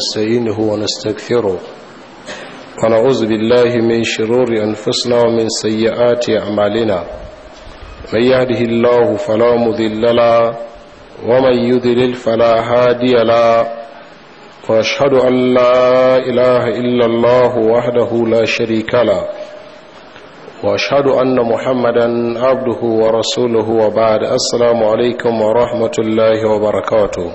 نستعينه ونستغفره ونعوذ بالله من شرور أنفسنا ومن سيئات أعمالنا من يهده الله فلا مذل له ومن يذلل فلا هادي له وأشهد أن لا إله إلا الله وحده لا شريك له واشهد ان محمدا عبده ورسوله وبعد السلام عليكم ورحمه الله وبركاته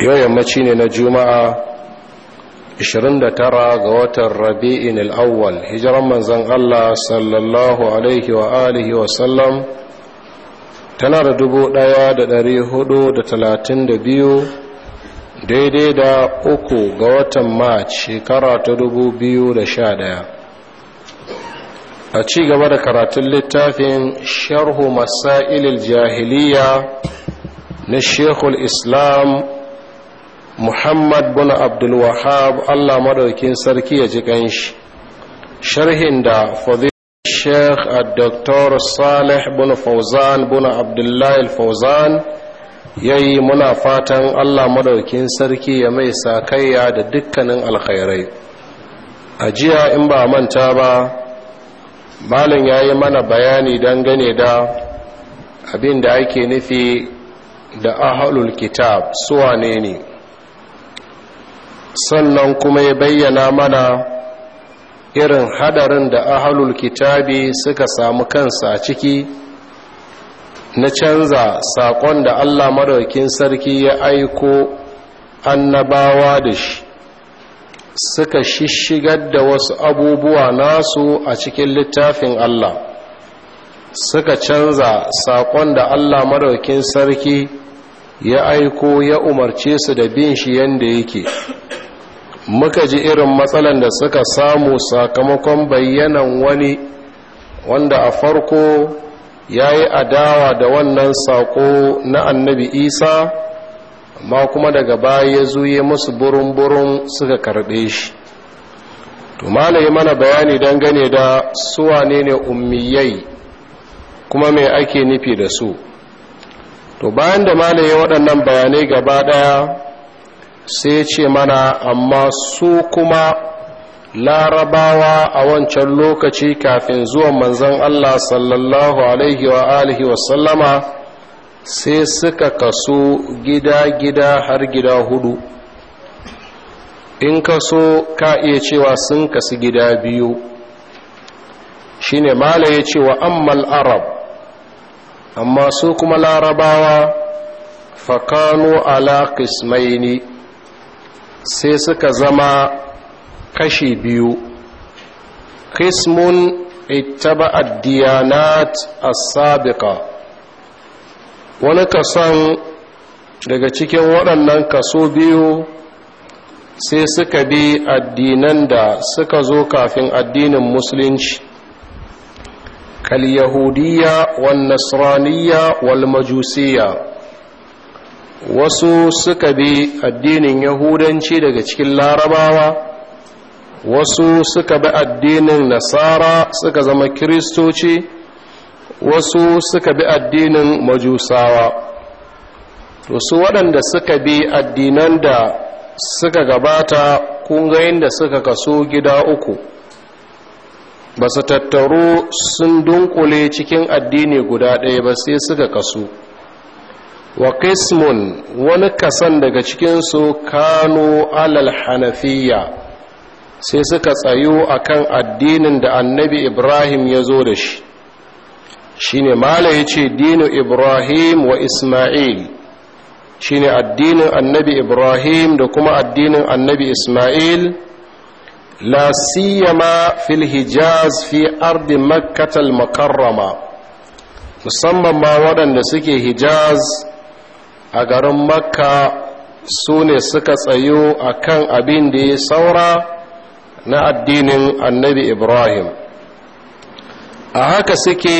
yau yammaci ne na juma'a 29 ga watan rabi'in al'awwal hijiran manzan Allah sallallahu alaihi wa alihi wa sallam tana da biyu daidai da uku ga watan march shekara ta ɗaya. a ci gaba da karatun littafin sharhu masailil jahiliya na shekul islam muhammad bin abdulwahab allah madaukin sarki ya ji ganshi sharhin da fadil sheikh dr saleh bin fauzan bin abdullahi fauzan ya yi muna fatan allah madaukin sarki ya mai sakayya da dukkanin alkhairai a jiya in ba manta ba malin ya yi mana bayani dangane da abin da ake nufi da ahlul kitab suwane ne sannan kuma ya bayyana mana irin hadarin da ahalul kitabi suka samu kansa a ciki na canza saƙon da allah maraukin sarki ya aiko annabawa da shi suka shishigar da wasu abubuwa nasu a cikin littafin allah suka canza saƙon da allah maraukin sarki ya aiko ya umarce su da bin shi yadda yake muka ji irin matsalan da suka samu sakamakon bayyanan wani wanda a farko ya yi adawa da wannan sako na annabi isa amma kuma daga baya ya zuye musu burin-burin suka karɓe shi to malaye mana bayani dangane da suwa ne ummiyai kuma mai ake nufi da su to bayan da malaye waɗannan bayanai gaba ɗaya sai ce mana amma su kuma larabawa a wancan lokaci kafin zuwan manzan Allah sallallahu alaihi wa alihi wasallama sai suka kaso gida-gida har gida hudu in kaso ka iya cewa sun kasu gida biyu shine mala ya ce wa ammal arab amma su kuma larabawa fakano ala kismaini sai suka zama kashi biyu kismun ittaba addiyanat as-sabiqa wani kasan daga cikin waɗannan kaso biyu sai suka bi addinan da suka zo kafin addinin musulunci kal yahudiyya wal nasraniyya wal majusiyya wasu suka bi addinin yahudanci daga cikin larabawa wasu suka bi addinin nasara suka zama kiristoci wasu suka bi addinin majusawa Wasu waɗanda suka bi addinan da suka gabata kungayen da suka kaso gida uku ba su tattaru sun dunkule cikin addini guda ɗaya ba sai suka kaso wa qismun wani kasan daga cikinsu Kano alal hanafiya sai suka tsayo akan addinin da annabi ibrahim ya zo da shi shine mala ya ce dinu ibrahim wa isma'il shi ne addinin annabi ibrahim da kuma addinin annabi isma'il la siyama fil hijaz fi ardi makkatal makarrama musamman ma waɗanda suke hijaz a garin makka su ne suka tsayo a kan abin da ya saura na addinin annabi ibrahim a haka suke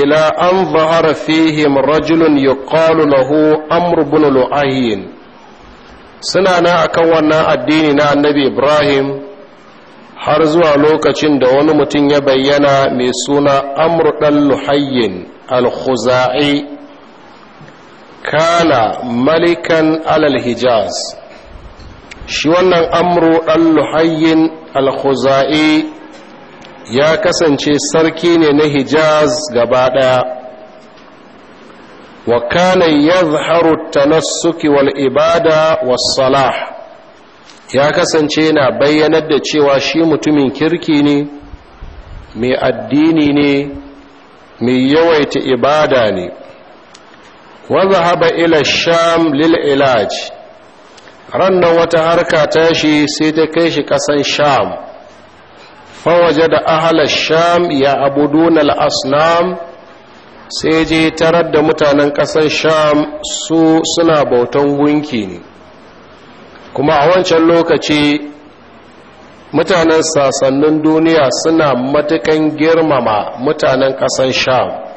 ila an zahara fihim rajulun yuqalu lahu amr ibn lu'ayin suna na akan wannan addini na annabi ibrahim har zuwa lokacin da wani mutum ya bayyana mai suna amr dan luhayyin al kana malikan alal hijaz shi wannan amru ɗan luhayyin al ya kasance sarki ne na hijaz gaba ɗaya wa kana yadhharu tanassuki wal ibada was salah ya kasance na bayyanar da cewa shi mutumin kirki ne mai addini ne mai yawaita ibada ne wa zahaba ila sham lil ilaj rannan wata harka tashi sai ta kai shi ƙasan sham fawaje da ahalar sham ya abuduna al-asnam sai je tarar da mutanen ƙasan sham su suna bautan gunki ne kuma a wancan lokaci mutanen sasannin duniya suna matukan girmama mutanen ƙasan sham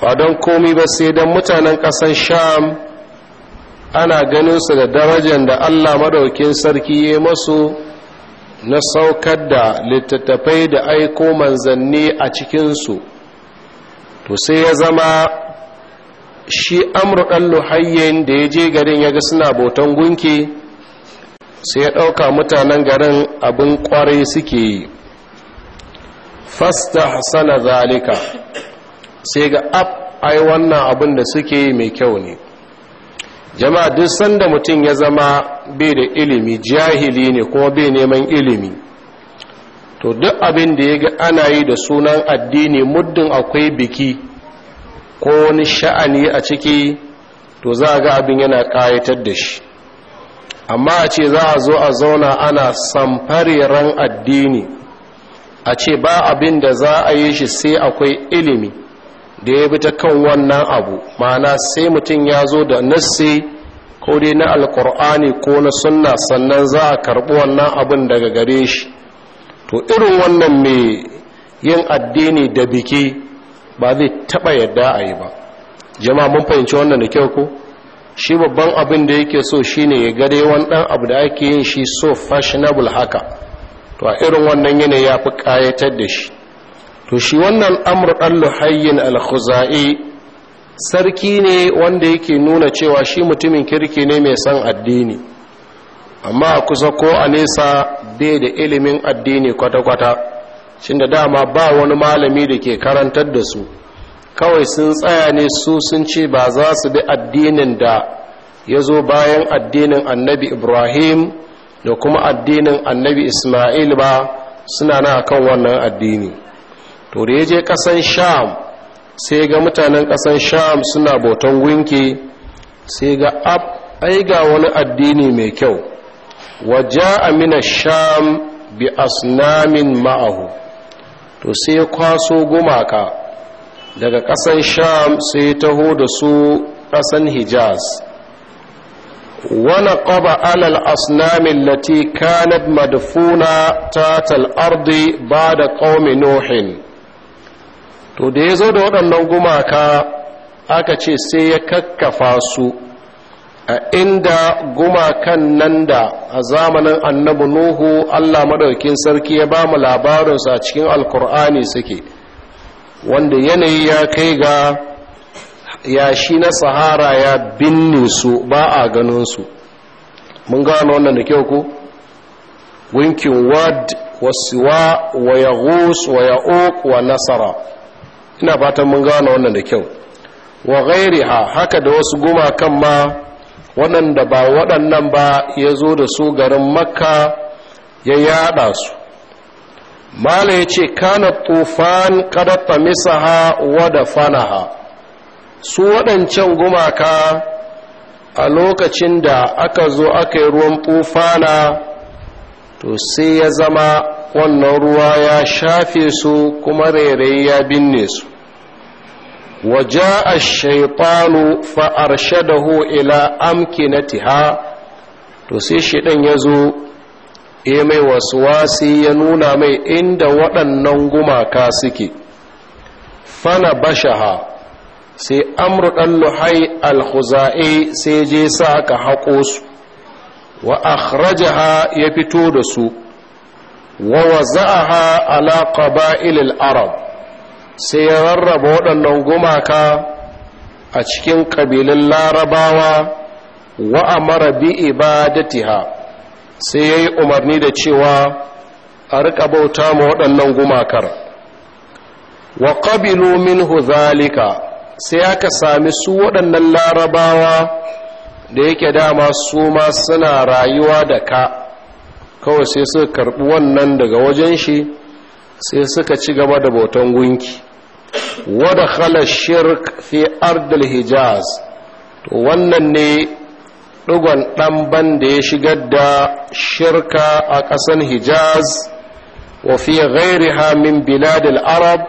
ba don komi ba sai don mutanen ƙasan sham ana ganin su da darajar da allah madaukin sarki ya masu na saukar da littattafai da aiko manzanni a cikinsu to sai ya zama shi amurkan luhayyen da ya je garin ya ga suna boton gunki sai ya ɗauka mutanen garin abin ƙwarai suke yi fasta hasana zalika sai ga ab ai wannan abin da suke yi mai kyau ne jama'a duk sanda mutum ya zama bai da ilimi jahili ne kuma bai neman ilimi to duk abin da ya ga ana yi da sunan addini muddin akwai biki ko wani sha'ani a ciki to za ga abin yana ƙayatar da shi amma a ce za a zo a zauna ana samfariran addini a ce ba abin da za a yi shi sai akwai ilimi da ya bi ta kan wannan abu ma'ana sai mutum ya zo da nassi ko dai na alkur'ani ko na sunna sannan za a karɓi wannan abin daga gare shi to irin wannan mai yin addini da biki ba zai taɓa yadda a yi ba jama'a mun fahimci wannan da kyau ko shi babban abin da yake so shine ya gare wani ɗan abu da ake yin shi so fashionable haka to a irin wannan yanayi ya fi ƙayatar da shi to shi wannan amur ɗan luhayyin al sarki ne wanda yake nuna cewa shi mutumin kirki ne mai son addini amma a kusa ko a nesa bai da ilimin addini kwata-kwata shi da dama ba wani malami da ke karantar da su kawai sun tsaya ne su sun ce ba za su bi addinin da ya zo bayan addinin annabi ibrahim da kuma addinin annabi ismail ba suna na kan wannan addini to da ya je ƙasan sham sai ga mutanen ƙasan sham suna bautan gunki sai ga ab ai ga wani addini mai kyau waje amina sham bi asnamin ma'ahu to sai ya kwaso gumaka daga ƙasan sham sai ya taho da su ƙasan hijaz wani ƙaba alal asnamin lati kanat madfuna tatal ardi ba da ƙaumin nuhin to da ya zo da waɗannan gumaka aka ce sai ya kakkafa su a inda gumakan nan da a zamanin annabi nuhu allah Maɗaukin sarki ya ba mu labarinsa a cikin alkur'ani suke wanda yanayi ya kai ga yashi na sahara ya binne su ba a ganinsu mun gano wannan da kyau ko gunkin wad wasuwa wa yaghus wa ya'uq wa nasara ina fatan mun gane wannan da kyau wa ghairiha haka da wasu gumakan ma waɗanda ba waɗannan ba ya zo da su garin makka ya yada su mala ya ce kana tufan kadatta misaha wada fanaha su waɗancan gumaka a lokacin da aka zo aka yi ruwan tufana to sai ya zama wannan ruwa ya shafe su kuma rairai ya binne su waja a shaitanu fa'arshe da ho ila amki na tiha to sai ɗan ya zo ya mai wasu wasi ya nuna mai inda waɗannan gumaka suke fana bashaha sai amru ɗan luhai alhuza'i sai je sa aka haƙo su wa ha ya fito da su wa waza'aha ala qaba'ilil arab sai ya rarraba waɗannan gumaka a cikin ƙabilun larabawa wa amara bi ibadatiha sai ya yi umarni da cewa a riƙa bauta ma waɗannan gumakar wa ƙabilu minhu zalika sai aka sami su waɗannan larabawa da yake dama su ma suna rayuwa da ka kawai sai suka karɓi wannan daga wajen shi sai suka ci gaba da bautan gunki wada khala shirk fi ardil hijaz to wannan ne dugon dan ban da ya shigar da shirka a ƙasan hijaz wa fi ghairiha min biladil arab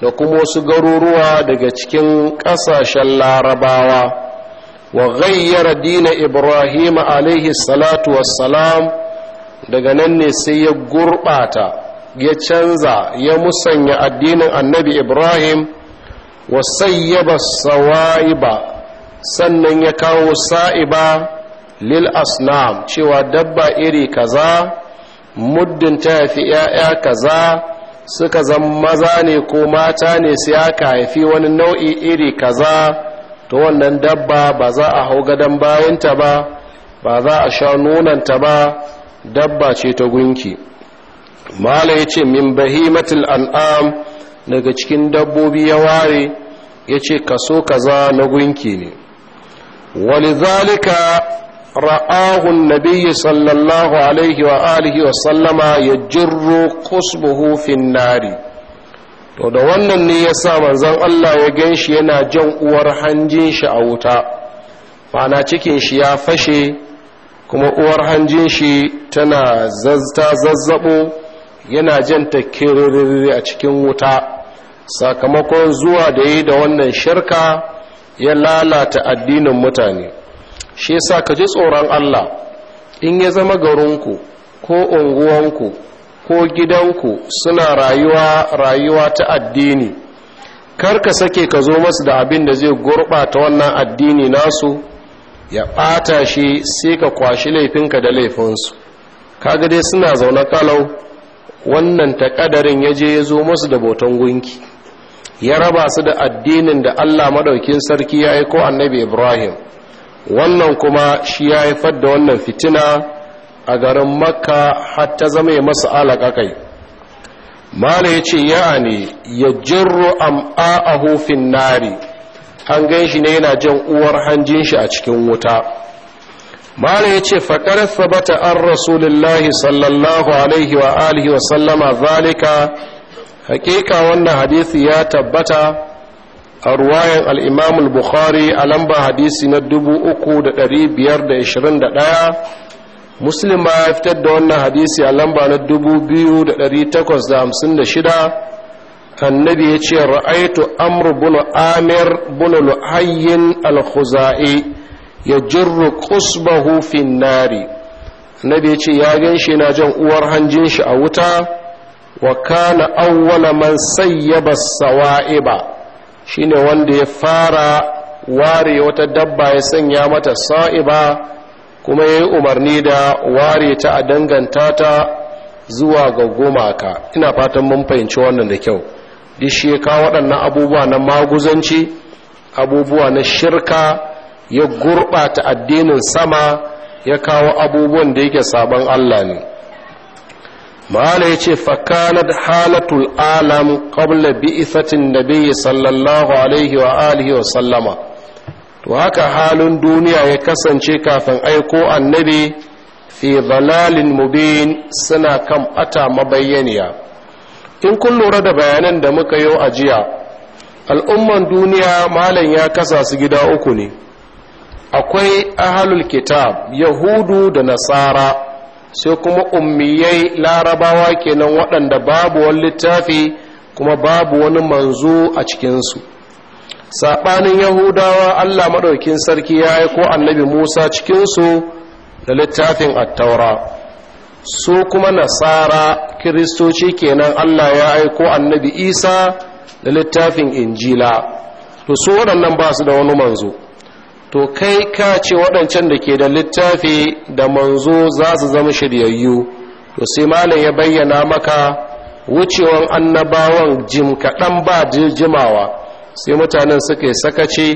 da kuma wasu garuruwa daga cikin ƙasashen larabawa wa ghayyara dina ibrahim alaihi salatu wassalam daga nan ne sai ya gurɓata ya canza ya musanya addinin annabi ibrahim wa sayyaba sawa'iba sannan ya kawo ba. lil asnam cewa dabba iri kaza muddin ta haifi 'ya'ya kaza suka zama maza ne ko mata ne ya ka haifi wani nau'i iri kaza to wannan dabba ba za a hau gadon bayanta ba ba za a sha nunanta ba dabba ce ta gunki mala ya ce min bahimatul an'am daga cikin dabbobi ya ware ya ce kaso kaza na gunki ne Wani zalika ra'ahun nabiyyu sallallahu alaihi wa alihi wa sallama ya jirro kusbuhu hufin nari to da wannan ne ya sa manzon Allah ya gan shi yana jan uwar hanjin shi a wuta ma'ana cikin shi ya fashe kuma uwar hanjin shi tana zazzabo yana janta kiririri a cikin wuta sakamakon zuwa da yi da wannan shirka ya lalata addinin mutane shi yasa ka ji tsoron Allah in ya zama garinku ko unguwanku ko gidanku suna rayuwa rayuwa ta addini kar ka sake ka zo masu da abin da zai gurɓata wannan addini nasu ya ɓata shi sai ka kwashi laifinka da laifinsu kaga dai suna zaune kalau wannan takadarin ya je ya zo musu da boton gunki ya raba su da addinin da allah maɗaukin sarki ya yi ko annabi ibrahim wannan kuma shi ya haifar da wannan fitina a garin makka har ta zama ya masu alaƙa kai mala ya ce ya ne ya jirro a hufin nari an gan shi ne yana jan uwar hanjin shi a cikin wuta mala ya ce faƙar sabata an rasulullahi sallallahu alaihi wa alihi wa sallama zalika hakika wannan hadisi ya tabbata a ruwayan al'imamul bukhari a lamba hadisi na 3,521 muslim ma ya fitar da wannan hadisi a lamba na 2,856 annabi ya ce ra'aitu amru bunu amir bunu lu'ayyin al ya jirru qusbahu fin nari annabi ya ce ya gan shi na jan uwar hanjin shi a wuta wa kana awwala man sayyaba sawa'iba shine wanda ya fara ware wata dabba ya sanya mata sa'iba kuma yayi umarni da ware ta a danganta ta zuwa ga gumaka ina fatan mun fahimci wannan da kyau duk shi ya kawo waɗannan abubuwa na maguzanci abubuwa na shirka ya gurɓata addinin sama ya kawo abubuwan da yake sabon Allah ne ma'ala ya ce fakanat halatul alam qabla da nabiyyi sallallahu alaihi wa alihi wa sallama to haka halin duniya ya kasance kafin aiko annabi fi dhalalin mubin suna kan ɓata mabayyaniya in kun lura da bayanan da muka yi a jiya al'umman duniya malam ya kasa su gida uku ne akwai ahalul kitab yahudu da nasara sai kuma ummiyai larabawa kenan waɗanda babu wani littafi kuma babu wani manzo a cikinsu saɓanin yahudawa allah maɗaukin sarki ya yi ko annabi musa cikinsu da littafin attaura su kuma nasara kiristoci kenan allah ya aiko annabi isa da littafin injila to su waɗannan ba su da wani manzo to kai ka ce waɗancan da ke da littafi da manzo za su zama shiryayyu to sai malam ya bayyana maka wucewan annabawan jim kaɗan ba jimawa sai mutanen suka yi sakace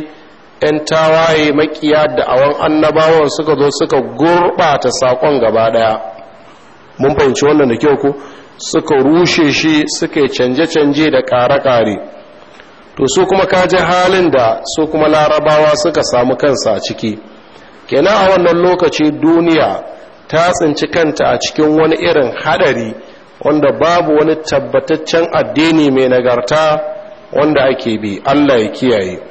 'yan tawaye makiya da awon annabawan suka zo suka gurɓata saƙon gaba ɗaya mun fahimci wannan da kyau ko suka rushe shi suka canje-canje da ƙare kare to su kuma kaji halin da su kuma larabawa suka samu kansa a ciki kenan a wannan lokaci duniya ta tsinci kanta a cikin wani irin hadari wanda babu wani tabbataccen addini mai nagarta wanda ake bi allah ya kiyaye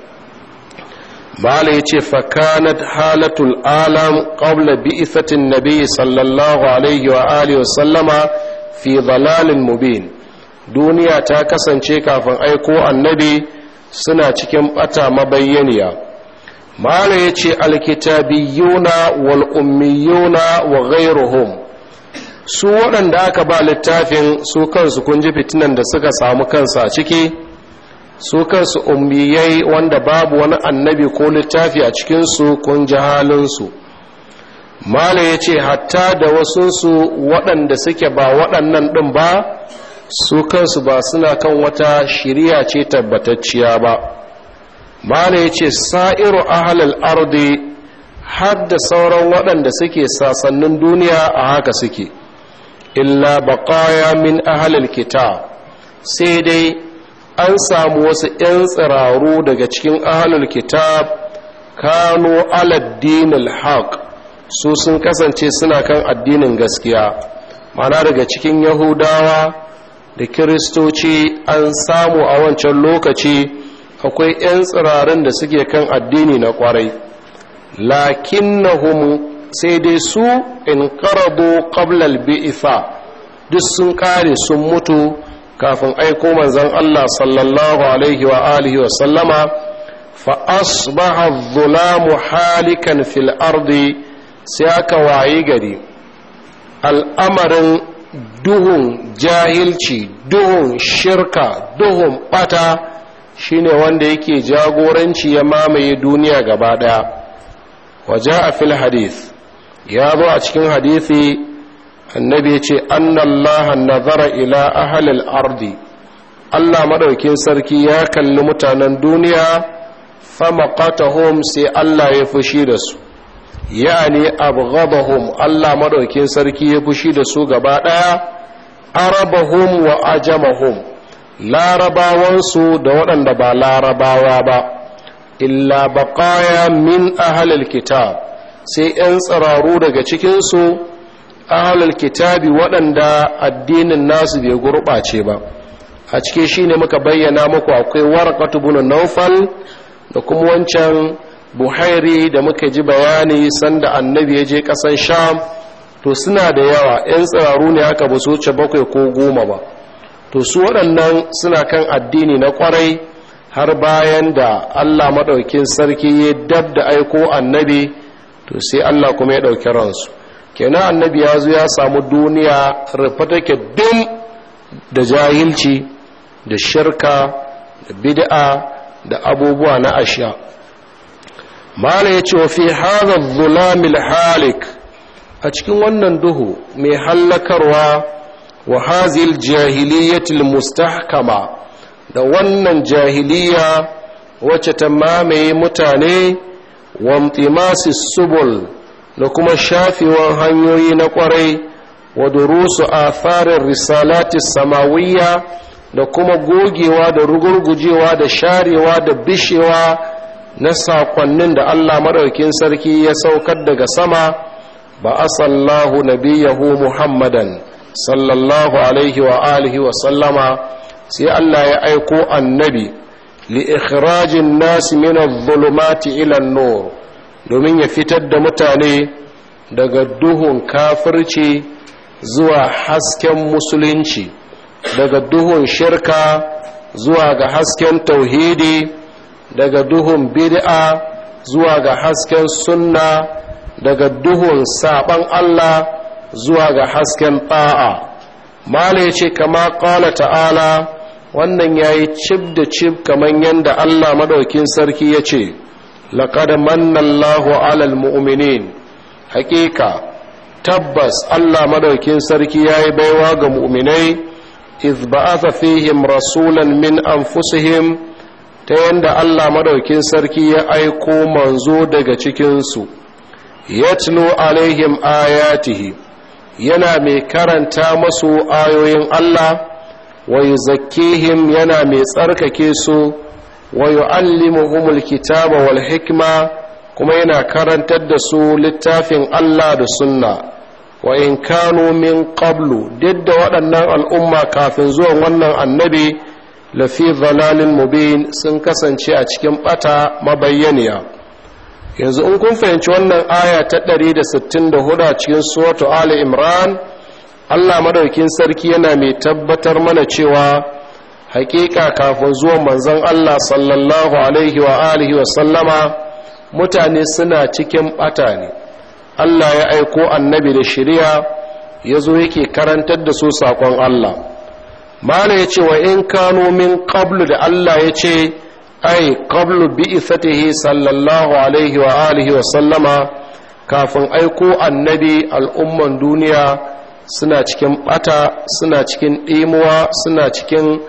bala ya ce fakanat halatul alam qabla bi'ifatin nabi sallallahu alaihi wa alihi sallama fi dhalalin mubin duniya ta kasance kafin aiko annabi suna cikin bata mabayyaniya mala ya ce alkitabiyuna wal ummiyuna wa ghairuhum su waɗanda aka ba littafin su kansu kun ji fitinan da suka samu kansa a ciki su kansu ummiyai wanda babu wani annabi ko littafi a cikinsu kun ji halinsu mala ya ce hatta da wasunsu waɗanda suke ba waɗannan ɗin ba su kansu ba suna kan wata shirya ce tabbatacciya ba mala ya ce sa'iru ahalal ardi har da sauran waɗanda suke sasannin duniya a haka suke illa baƙaya min ahalal kita sai dai an samu wasu 'yan tsiraru daga cikin ahalul kitab kano aladdin alhaq su sun kasance suna kan addinin gaskiya mana daga cikin yahudawa da kiristoci an samu a wancan lokaci akwai 'yan tsirarin da suke kan addini na kwarai lakinnahum sai dai su in karabo qablal bi'itha duk sun kare sun mutu kafin aiko manzan Allah sallallahu alaihi wa alihi wa sallama fa asbaha dhulamu halikan fil ardi sai aka wayi gari al'amarin duhun jahilci duhun shirka duhun bata shine wanda yake jagoranci ya mamaye duniya gaba daya waje a fil hadith ya zo a cikin hadisi. annabi ya ce annallaha nazara ila ahalil ardi allah maɗaukin sarki ya kalli mutanen duniya fama sai allah ya fushi da su gaba abghadahum allah maɗaukin sarki ya fushi da su gaba daya arabahum wa ajamahum larabawansu da waɗanda ba larabawa ba illa baqaya min ahalil kitab sai 'yan tsiraru daga cikinsu ahlul kitabi waɗanda addinin nasu bai gurɓace ba a cike ne muka bayyana muku akwai warqatu bin naufal da kuma wancan buhairi da muka ji bayani sanda annabi ya je ƙasan sham to suna da yawa 'yan tsiraru ne haka ba su bakwai ko goma ba to su waɗannan suna kan addini na kwarai har bayan da allah maɗaukin sarki ya dab da aiko annabi to sai allah kuma ya ɗauki ransu kenan annabi ya zo ya samu duniya rufe take dum da jahilci da shirka da bid'a da abubuwa na asha mala ya ce wa fi hadha zulamil halik a cikin wannan duhu mai hallakarwa wa hazil jahiliyatil mustahkama da wannan jahiliya wacce ta mamaye mutane wa subul da kuma shafewan hanyoyi na kwarai wa durusu farin risalati samawiyya da kuma gogewa da rugurgujewa da sharewa da bishewa na sakonnin da Allah maɗaukin sarki ya saukar daga sama ba a asallahu nabiyahu muhammadan sallallahu alaihi wa alihi wa sallama sai Allah ya aiko annabi li ikhrajin nasi min adh-dhulumati ila domin ya fitar da mutane daga duhun kafirci zuwa hasken musulunci daga duhun shirka zuwa ga hasken tauhidi daga duhun bid'a zuwa ga hasken sunna daga duhun saban Allah zuwa ga hasken ta'a mala ya ce kama ƙala ta'ala wannan ya yi cib da cib kamar yadda Allah maɗaukin sarki ya ce laqad Allahu 'alal mu'uminin haqiqa tabbas Allah maɗaukin sarki yayi baiwa ga mu'uminai iz ba'atha fihim rasulan min him ta yanda Allah maɗaukin sarki ya aiko manzo daga cikin su yatlu alaihim ayatihi yana mai karanta masu ayoyin Allah wa yuzakkihim yana mai tsarkake su wa yu'allimuhumul kitaba wal hikma kuma yana karantar da su littafin Allah da sunna wa'in in kanu min qablu duk da waɗannan al'umma kafin zuwa wannan annabi lafi mu mubin sun kasance a cikin bata mabayyaniya yanzu in kun fahimci wannan aya ta ɗari da 164 a cikin suratu ali imran Allah madaukin sarki yana mai tabbatar mana cewa hakika kafin zuwan manzon Allah sallallahu alaihi wa alihi wa sallama mutane suna cikin bata ne Allah ya aiko annabi da shari'a yazo yake karantar da su sakon Allah mala yace wa in kanu min qablu da Allah ya ce ai qablu bi'ithatihi sallallahu alaihi wa alihi wa sallama kafin aiko annabi al'umman duniya suna cikin bata suna cikin ɗimuwa suna cikin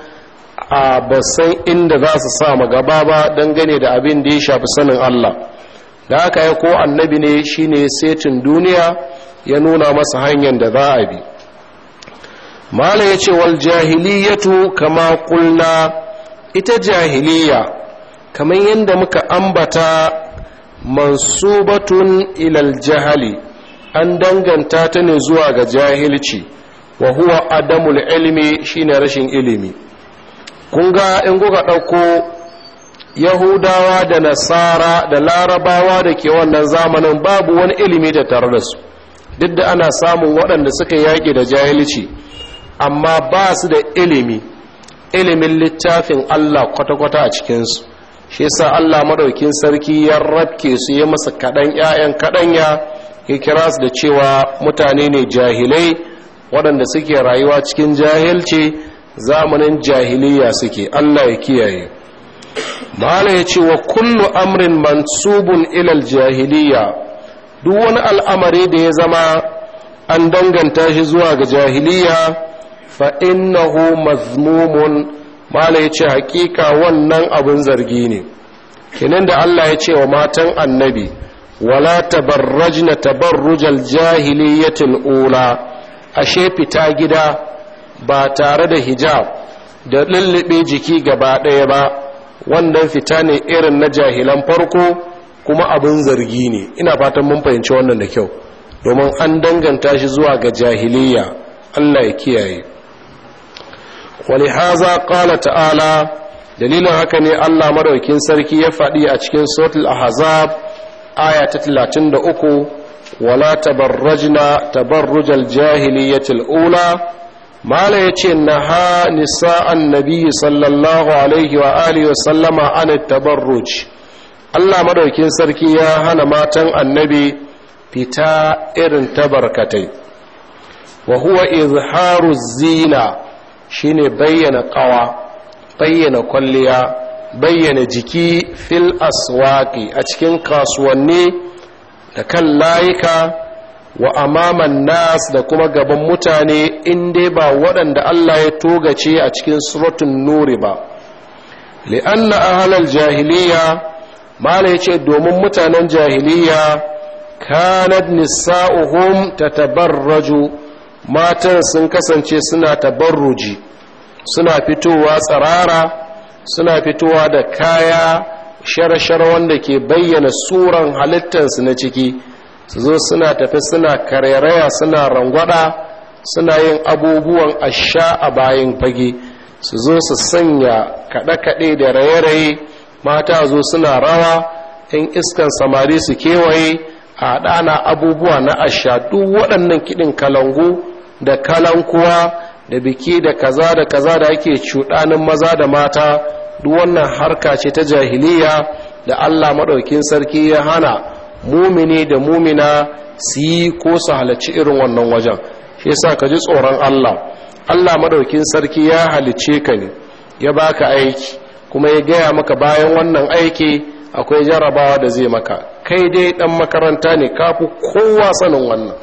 a basan inda za su sa gaba ba dangane da abin da ya shafi sanin Allah da aka yi ko annabi ne shine setin duniya ya nuna masa hanyar da za a bi mala ya ce wal jahiliyatu kama kulna ita jahiliya kamar yadda muka ambata mansubatun ilal jahali an danganta ta ne zuwa ga jahilci wa huwa adamul ilimi shine rashin ilimi kun ga in kuka ɗauko yahudawa da nasara da larabawa da ke wannan zamanin babu wani ilimi da tare da su duk da ana samun waɗanda suka yaƙi da jahilci amma ba su da ilimi ilimin littafin allah kwata-kwata a cikinsu shi sa allah maɗaukin sarki ya rabke su ya masa kaɗan 'ya'yan kaɗanya ya kira su da cewa mutane ne jahilai waɗanda suke rayuwa cikin jahilci zamanin jahiliya suke Allah ya kiyaye mala ya ce wa kullu amrin mansubun ilal jahiliya duk wani al'amari da ya zama an danganta shi zuwa ga jahiliya fa innahu mazmumun mala ya ce hakika wannan abun zargi ne kinan da Allah ya ce wa matan annabi wala tabarrajna tabarrujal jahiliyatil ula ashe fita gida ba tare da hijab da lullube jiki gaba ɗaya ba wannan fita ne irin na jahilan farko kuma abin zargi ne ina fatan mun fahimci wannan da kyau domin an danganta shi zuwa ga jahiliya allah ya kiyaye wani haza ƙala ta'ala dalilin haka ne allah maɗaukin sarki ya faɗi a cikin sotul ahazab aya ta 33 wala tabarrajna tabarrujal jahiliyatil ula mala ya ce na ha an nabi sallallahu alaihi wa alihi wa sallama an tabarruj Allah madaukin sarki ya hana matan annabi fita irin tabarkatai wa huwa izharu zina shine bayyana kawa bayyana kwalliya bayyana jiki fil aswaqi a cikin kasuwanni da kan layuka wa amaman nas da kuma gaban mutane in dai ba waɗanda Allah ya togace a cikin suratun nuri ba li'anna ahlal jahiliya mala yace domin mutanen jahiliya kanat nisa'uhum tatabarraju matan sun kasance suna tabarruji suna fitowa tsarara suna fitowa da kaya shara-shara wanda ke bayyana suran halittarsu na ciki su zo suna tafi suna kareraya suna rangwada suna yin abubuwan asha a bayan fage su zo su sanya kaɗe-kaɗe da raye-raye mata zo suna rawa in iskan samari su kewaye a ɗana abubuwa na asha duk waɗannan kiɗin kalangu da kalankuwa da biki da kaza da kaza da ake cuɗanin maza da mata duk wannan harka ce ta jahiliya da allah maɗaukin sarki ya hana mumini da mumina su yi ko su halarci irin wannan wajen shi sa ka ji tsoron Allah Allah madaukin sarki ya halice ka ne ya baka aiki kuma ya gaya maka bayan wannan aiki akwai jarabawa da zai maka kai dai dan makaranta ne kafu kowa sanin wannan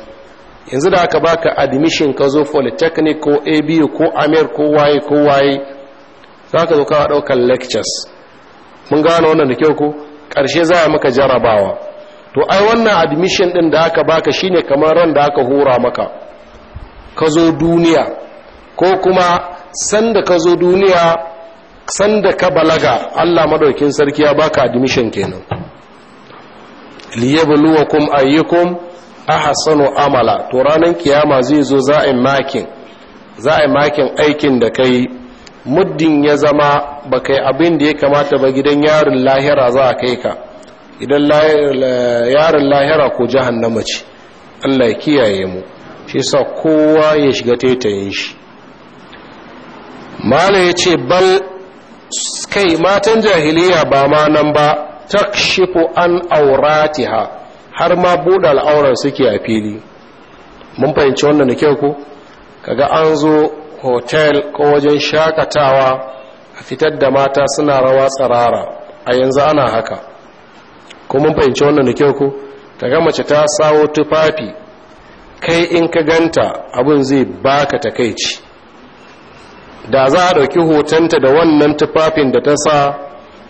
yanzu da aka baka admission ka zo polytechnic ko abu ko amir ko waye ko waye za ka zo kana daukan lectures mun gano wannan da kyau ko Karshe za a maka jarabawa to ai wannan admission din da aka baka shine kamar ran da aka hura maka ka zo duniya ko kuma sanda ka zo duniya sanda ka balaga Allah madaukin sarki ya baka admission kenan liyabluwakum ayyukum ahsanu amala to ranan kiyama zai zo za'in makin za'in makin aikin da kai muddin ya zama ba kai abin da ya kamata ba gidan yarin lahira za a kai ka idan yaron lahira ko na mace Allah ya kiyaye mu shi sa kowa ya shiga taitayin shi mala ya ce bal kai matan jahiliya ba ma nan ba ta shifo an auratiha har ma buɗe al'aurar suke a fili mun fahimci wannan da kyau ko kaga an zo hotel ko wajen shakatawa a fitar da mata suna rawa tsarara a yanzu ana haka ko mun fahimci wannan da kyau ko ga mace ta sawo tufafi kai in ka ganta abin zai baka takeici da za a ɗauki hotonta da wannan tufafin da ta sa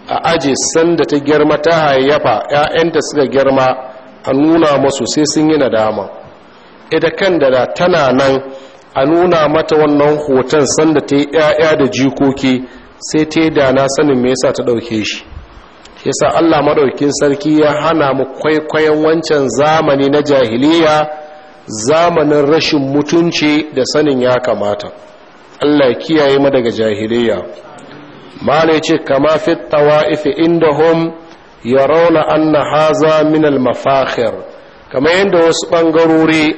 a aji sanda ta girma ta hayyafa 'ya'yanta suka girma a nuna masu sai sun yi nadama ita kan da tana nan a nuna mata wannan hoton sanda ta yi 'ya'ya da jikoki sai ta yi dana sanin me yasa ta ɗauke shi yasa Allah madaukin sarki ya hana mu kwaikwayon wancan zamani na jahiliya zamanin rashin mutunci da sanin ya kamata Allah ya kiyaye mu daga jahiliya malai ce kama fi tawaif indahum yarawna anna haza min al-mafakhir kamar yanda wasu bangarori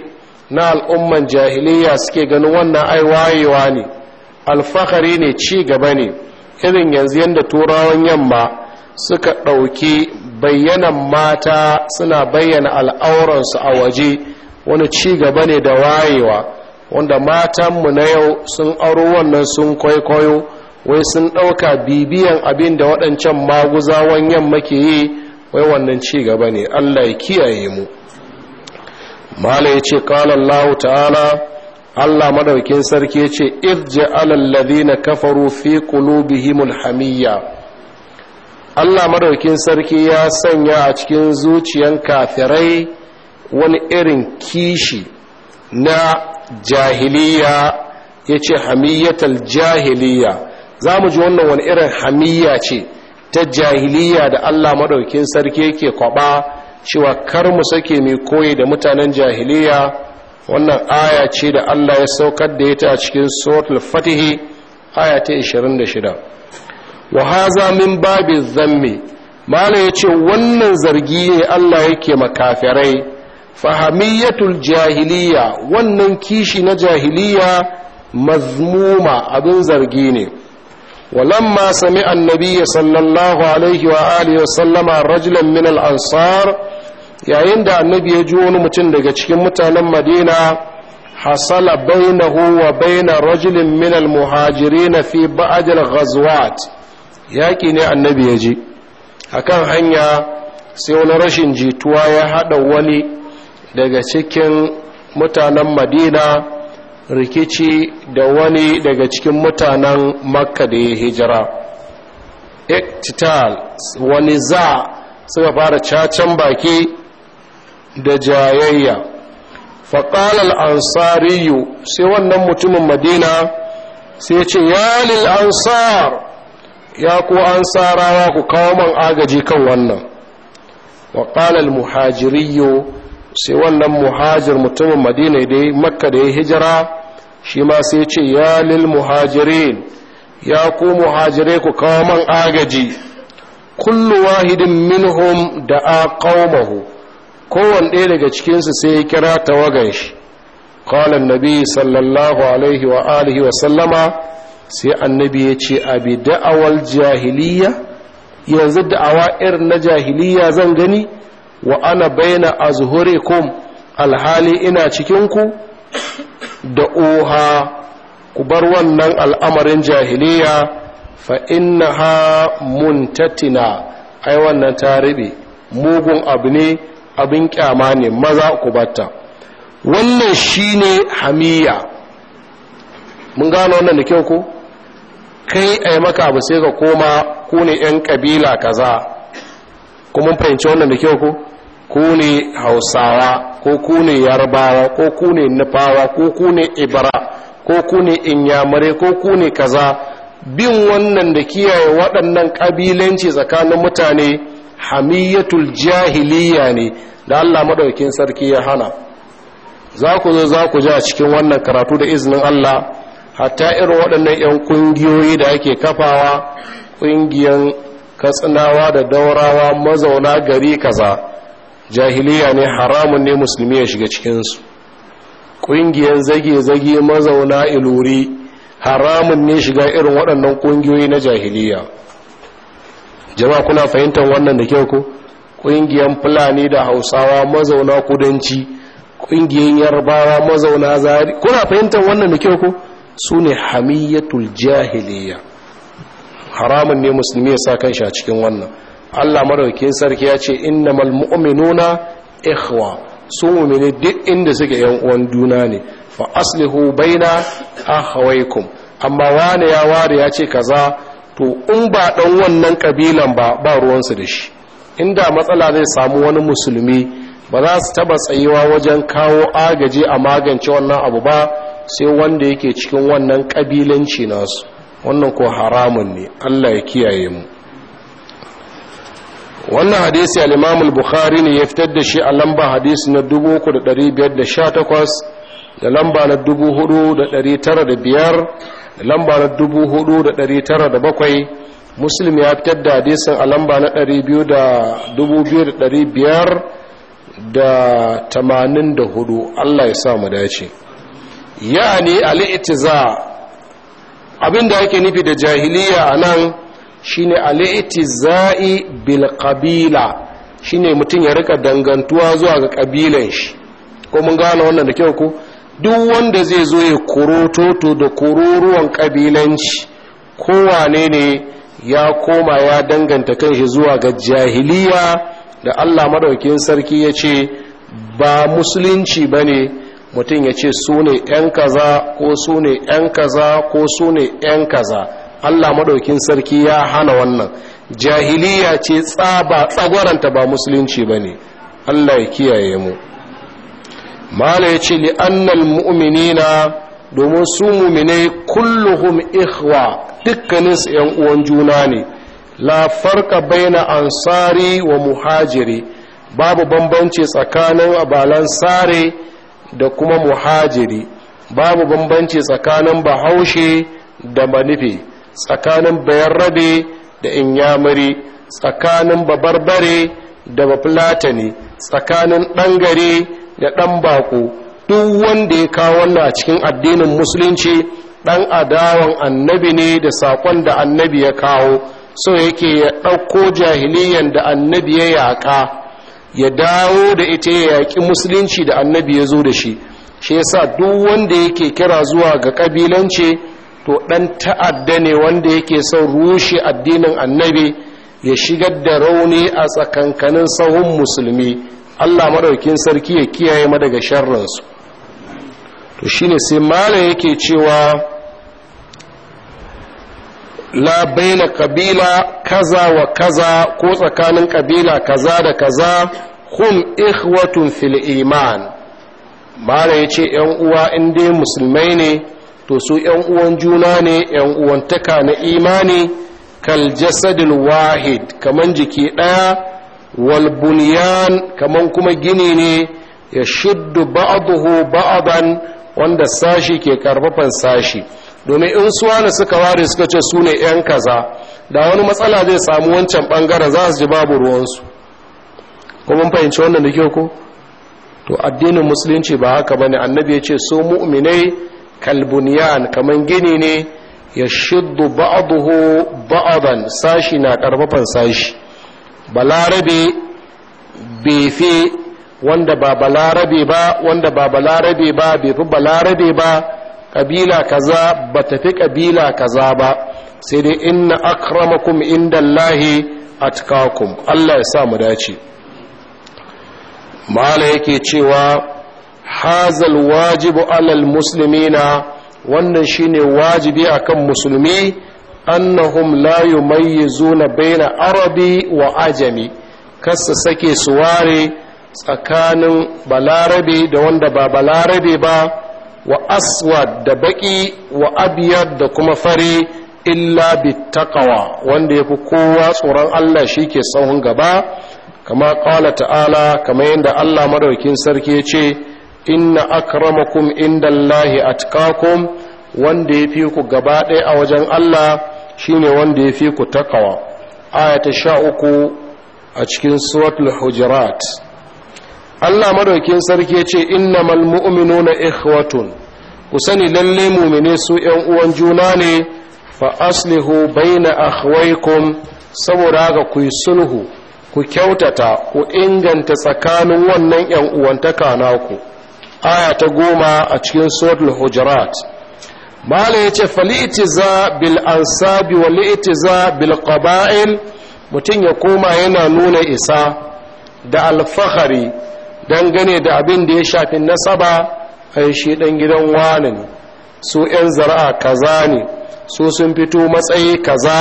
na al'umman jahiliya suke ganin wannan ai wayewa ne alfahari ne ci gaba ne irin yanzu yanda turawan yamma suka ɗauki bayyanan mata suna bayyana al'auransu a waje wani ci gaba ne da wayewa wanda matanmu na yau sun aro wannan sun kwaikwayo wai sun ɗauka bibiyan abin da waɗancan maguzawan yamma ke yi wai wannan ci gaba ne allah ya kiyaye mu mala ya ce Allah ta'ala Allah madaukin sarki ya ce irji alal na kafaru fi qulubihimul hamiyya Allah madaukin sarki ya sanya a cikin zuciyan kafirai wani irin kishi na jahiliya ya ce hamiyyatal jahiliya za mu ji wannan wani irin hamiyya ce ta jahiliya da Allah madaukin sarki yake kwaba cewa kar mu sake mai koyi da mutanen jahiliya wannan aya ce da Allah ya saukar da ita a cikin suratul fatihi aya ta 26 wa haza min babi mala ya ce wannan zargi ne allah yake makafirai fahamiyyatul jahiliya wannan kishi na jahiliya mazmuma abin zargi ne sami سمع sallallahu alaihi wa alihi وآله وسلم رجلا من ansar. yayin da annabi ya ji wani mutum daga cikin mutanen madina hasala bainahu wa baina rajulin min almuhajirin fi ba'd alghazwat yaƙi ne annabi ya je kan hanya sai wani rashin jituwa ya haɗa wani daga cikin mutanen madina rikici da wani daga cikin mutanen makka da ya hijira iktital wani za suka fara cacen baki da jayayya faƙal ansariyu sai wannan mutumin madina sai ce yalil ansar ya ko an sarawa ku kawo man agaji kan wannan wa ƙalal muhajiriyo sai wannan muhajir mutumin madina da makka da ya hijira shi ma sai ce ya lil muhajirin ya ku muhajire ku kawo man agaji kullu wahidin minhum da a qaumahu kowanne ɗaya daga cikinsu sai ya kira tawagan shi qala nabi sallallahu alaihi wa alihi wa sallama sai annabi ya ce abi da'awar jahiliya yanzu da'awa irin na jahiliya zan gani wa ana baina kum alhali ina cikin ku da oha ku bar wannan al'amarin jahiliya fa innaha muntatina ai wannan taribi mugun abu ne abin kyama ne maza ku batta wannan shine hamiya mun gano wannan da kyau ko kai a yi maka abu sai ka koma ku ne 'yan kabila kaza kuma fahimci wannan da kyau ku ku ne hausawa ko ku ne yarbawa ko ku ne nufawa ko ku ne ibara ko ku ne inyamare ko ku ne kaza bin wannan da kiyaye waɗannan ƙabilanci tsakanin mutane hamiyatul jahiliya ne da allah maɗaukin sarki ya hana za ku zo za ku ji a cikin wannan karatu da izinin allah hatta irin waɗannan 'yan ƙungiyoyi da ake kafawa ƙungiyan katsinawa da daurawa mazauna gari kaza jahiliya ne haramun ne musulmi ya shiga cikinsu ƙungiyan zage-zage mazauna iluri haramun ne shiga irin waɗannan ƙungiyoyi na jahiliya jama'a kuna fahimtar wannan da kyau ko ƙungiyan fulani da hausawa mazauna kudanci ƙungiyan yarbawa mazauna zari kuna fahimtar wannan da kyau ko su ne hamiyyatul jahiliya haramun ne musulmi ya sa kan kanshi a cikin wannan allah maraukin sarki ya ce inna mu'minuna ikhwa su mu'mini duk inda suke yan uwan juna ne fa aslihu baina akhawaykum amma wani ya ware ya ce kaza to in ba ɗan wannan kabilan ba ba ruwansu da shi inda matsala zai samu wani musulmi ba za su taba tsayewa wajen kawo agaji a magance wannan abu ba sai wanda yake cikin wannan ƙabilanci nasu wannan ko haramun ne allah ya kiyaye mu wannan hadisi al-imam al-bukhari ne ya fitar da shi a lamba hadisi na 3518 da lamba na 4905 da lamba na 4907 muslim ya fitar da hadisin a lamba na 2500 da 84 Allah ya sa mu dace yani al'itiza abinda ake nufi da jahiliya a nan shine al'itiza'i bil qabila shine mutum ya rika dangantuwa zuwa ga kabilan shi ko mun gane wannan da kyau ko duk wanda zai zo ya kurototo da kururuwan kabilanci kowane ne ya koma ya danganta shi zuwa ga jahiliya da Allah madaukin sarki ya ce ba musulunci ba ne mutum ya ce su ne 'yan kaza ko su ne 'yan kaza ko su ne 'yan kaza allah maɗaukin sarki ya hana wannan jahiliya ce tsaba tsagwaranta ba musulunci ba ne allah ya kiyaye mu mala ya ce li'annal mu'minina domin su muminai kulluhum ikhwa dukkaninsu 'yan uwan juna ne la farka baina ansari wa muhajiri babu bambanci tsakanin abalan sare da kuma muhajiri babu bambanci tsakanin bahaushe da manufi tsakanin bayarrabe da inyamuri tsakanin babarbare da baflatani tsakanin ɗangare da ɗan baku duk wanda ya kawo wannan a cikin addinin musulunci ɗan adawan annabi ne da saƙon da annabi ya kawo so yake ya ɗauko jahiliyan da annabi ya yaƙa ya dawo da ita ya yaƙi musulunci da annabi ya zo da shi shi yasa duk wanda yake kira zuwa ga ƙabilance to ɗan ta'adda ne wanda yake son rushe addinin annabi ya shigar da rauni a tsakankanin sahun musulmi allah maɗaukin sarki ya kiyaye madaga sharransu to shine sai malam yake cewa la baina kabila kaza wa kaza ko tsakanin kabila kaza da kaza hum ikhwatun fil iman mala yace yan uwa in dai musulmai ne to su yan uwan juna ne yan uwantaka na imani kal jasadil wahid kaman jiki daya wal bunyan kaman kuma gini ne ya shuddu ba'dahu ba'dan wanda sashi ke karfafan sashi domin in suwa ne suka ware suka ce su ne 'yan kaza da wani matsala zai samu wancan bangaren za su ji babu ruwansu kuma fahimci wannan da kyau to addinin musulunci ba haka ba ne annabi ya ce so mu'minai kalbuniyan kamar gini ne ya shiddu ba'aduhu ba'adan sashi na karfafan sashi balarabe befe wanda ba balarabe ba wanda ba balarabe ba fi balarabe ba Ƙabila kaza ba tafi kabila kaza ba sai dai inna akramakum indallahi atkakum Allah ya sa mu dace mala yake cewa hazal wajibu alal muslimina wannan shine wajibi akan musulmi annahum la yumayyizuna baina arabi wa ajami kasa sake su ware tsakanin balarabe da wanda ba balarabe ba wa aswad da baki wa abiyar da kuma fari illa bittaqawa wanda yafi kowa tsoron Allah shi ke tsawon gaba kama qala ta'ala kama yadda Allah madaukin sarki ya ce inna kum indallahi atqakum wanda fi ku gaba ɗaya a wajen Allah shine wanda ya fi ku takawa. aya ta uku a cikin suratul hujurat Allah madaukin sarki ya ce innamal mu'minuna ikhwatun ku sani lalle mu'mine su ƴan uwan juna ne fa aslihu baina akhwaykum saboda ga ku sulhu ku kyautata ku inganta tsakanin wannan ƴan uwantaka naku aya ta goma a cikin suratul hujurat mala yace falitiza bil ansabi wa itiza bil qaba'il mutun ya koma yana nuna isa da alfahari dangane da abin da ya shafi nasaba ai shi dan gidan wani ne su 'yan zara'a kaza ne su sun fito matsayi kaza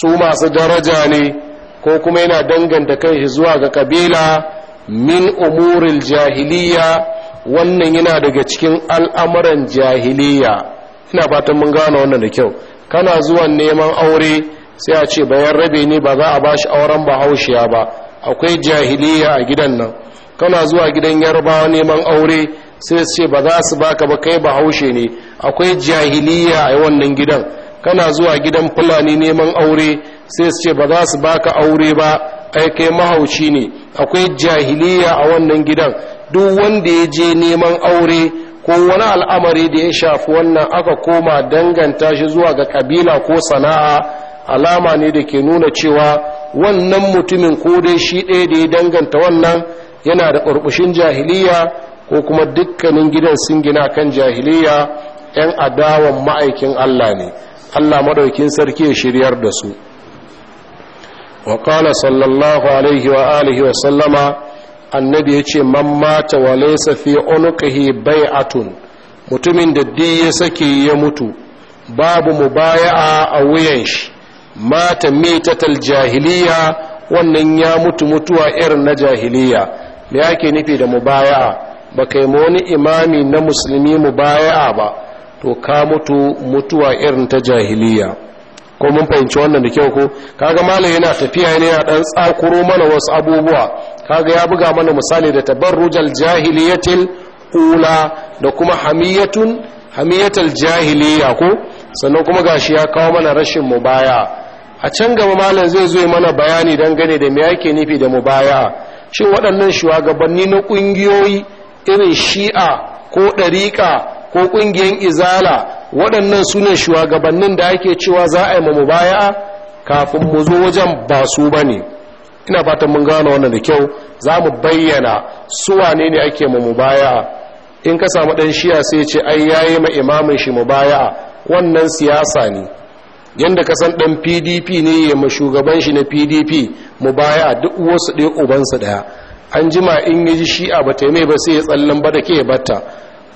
su masu daraja ne ko kuma yana danganta kan shi zuwa ga kabila min umurin jahiliya wannan yana daga cikin al'amuran jahiliya ina fatan mun gane wannan da kyau kana zuwan neman aure sai a ce bayan rabe ne ba za a ba shi auren bahaushiya ba akwai jahiliya a gidan nan kana zuwa gidan yarbawa neman aure sai su ce ba za su baka ba kai bahaushe ne akwai jahiliya a wannan gidan kana zuwa gidan fulani neman aure sai su ce ba za su baka aure ba ai kai mahauci ne akwai jahiliya a wannan gidan duk wanda ya je neman aure ko wani al'amari da ya shafi wannan aka koma danganta shi zuwa ga kabila ko sana'a alama ne da ke nuna cewa wannan mutumin ko dai shi ɗaya da ya danganta wannan yana da ƙurƙushin jahiliya ko kuma dukkanin gidan sun gina kan jahiliya 'yan adawan ma'aikin Allah ne Allah maɗaukin sarki ya shiryar da su wa qala sallallahu alaihi wa alihi wa sallama annabi yace man mata wa laysa fi unqihi bai'atun mutumin da dai ya sake ya mutu babu mubaya'a a wuyan shi mata mitatal jahiliya wannan ya mutu mutuwa irin na jahiliya me yake nufi da mubaya'a ba kai ma wani imami na musulmi mubaya'a ba to ka mutu mutuwa irin ta jahiliya ko mun fahimci wannan da kyau ko kaga malam yana tafiya ne yana dan tsakuro mana wasu abubuwa kaga ya buga mana misali da tabarrujal jahiliyatil ula da kuma hamiyatun hamiyatul jahiliya ko sannan kuma gashi ya kawo mana rashin mubaya a can gaba malam zai zo mana bayani dangane da me yake nufi da mubaya'a shin waɗannan shugabanni na ƙungiyoyi irin shi'a ko ɗariƙa ko ƙungiyar izala waɗannan sunan shugabannin da ake cewa za a yi mu baya kafin mu zo wajen ba su ba ne ina fatan mun gano wannan da kyau za mu bayyana su wane ne ake mu baya in ka samu ɗan shi'a sai ce ai yayi ma imamin shi mu baya wannan siyasa ne yadda ka san ɗan pdp ne ya ma shugaban shi na pdp mu baya duk wasu ɗaya ubansa ɗaya an jima in yi ji shi'a ba ta mai ba sai ya tsallan ba da ke batta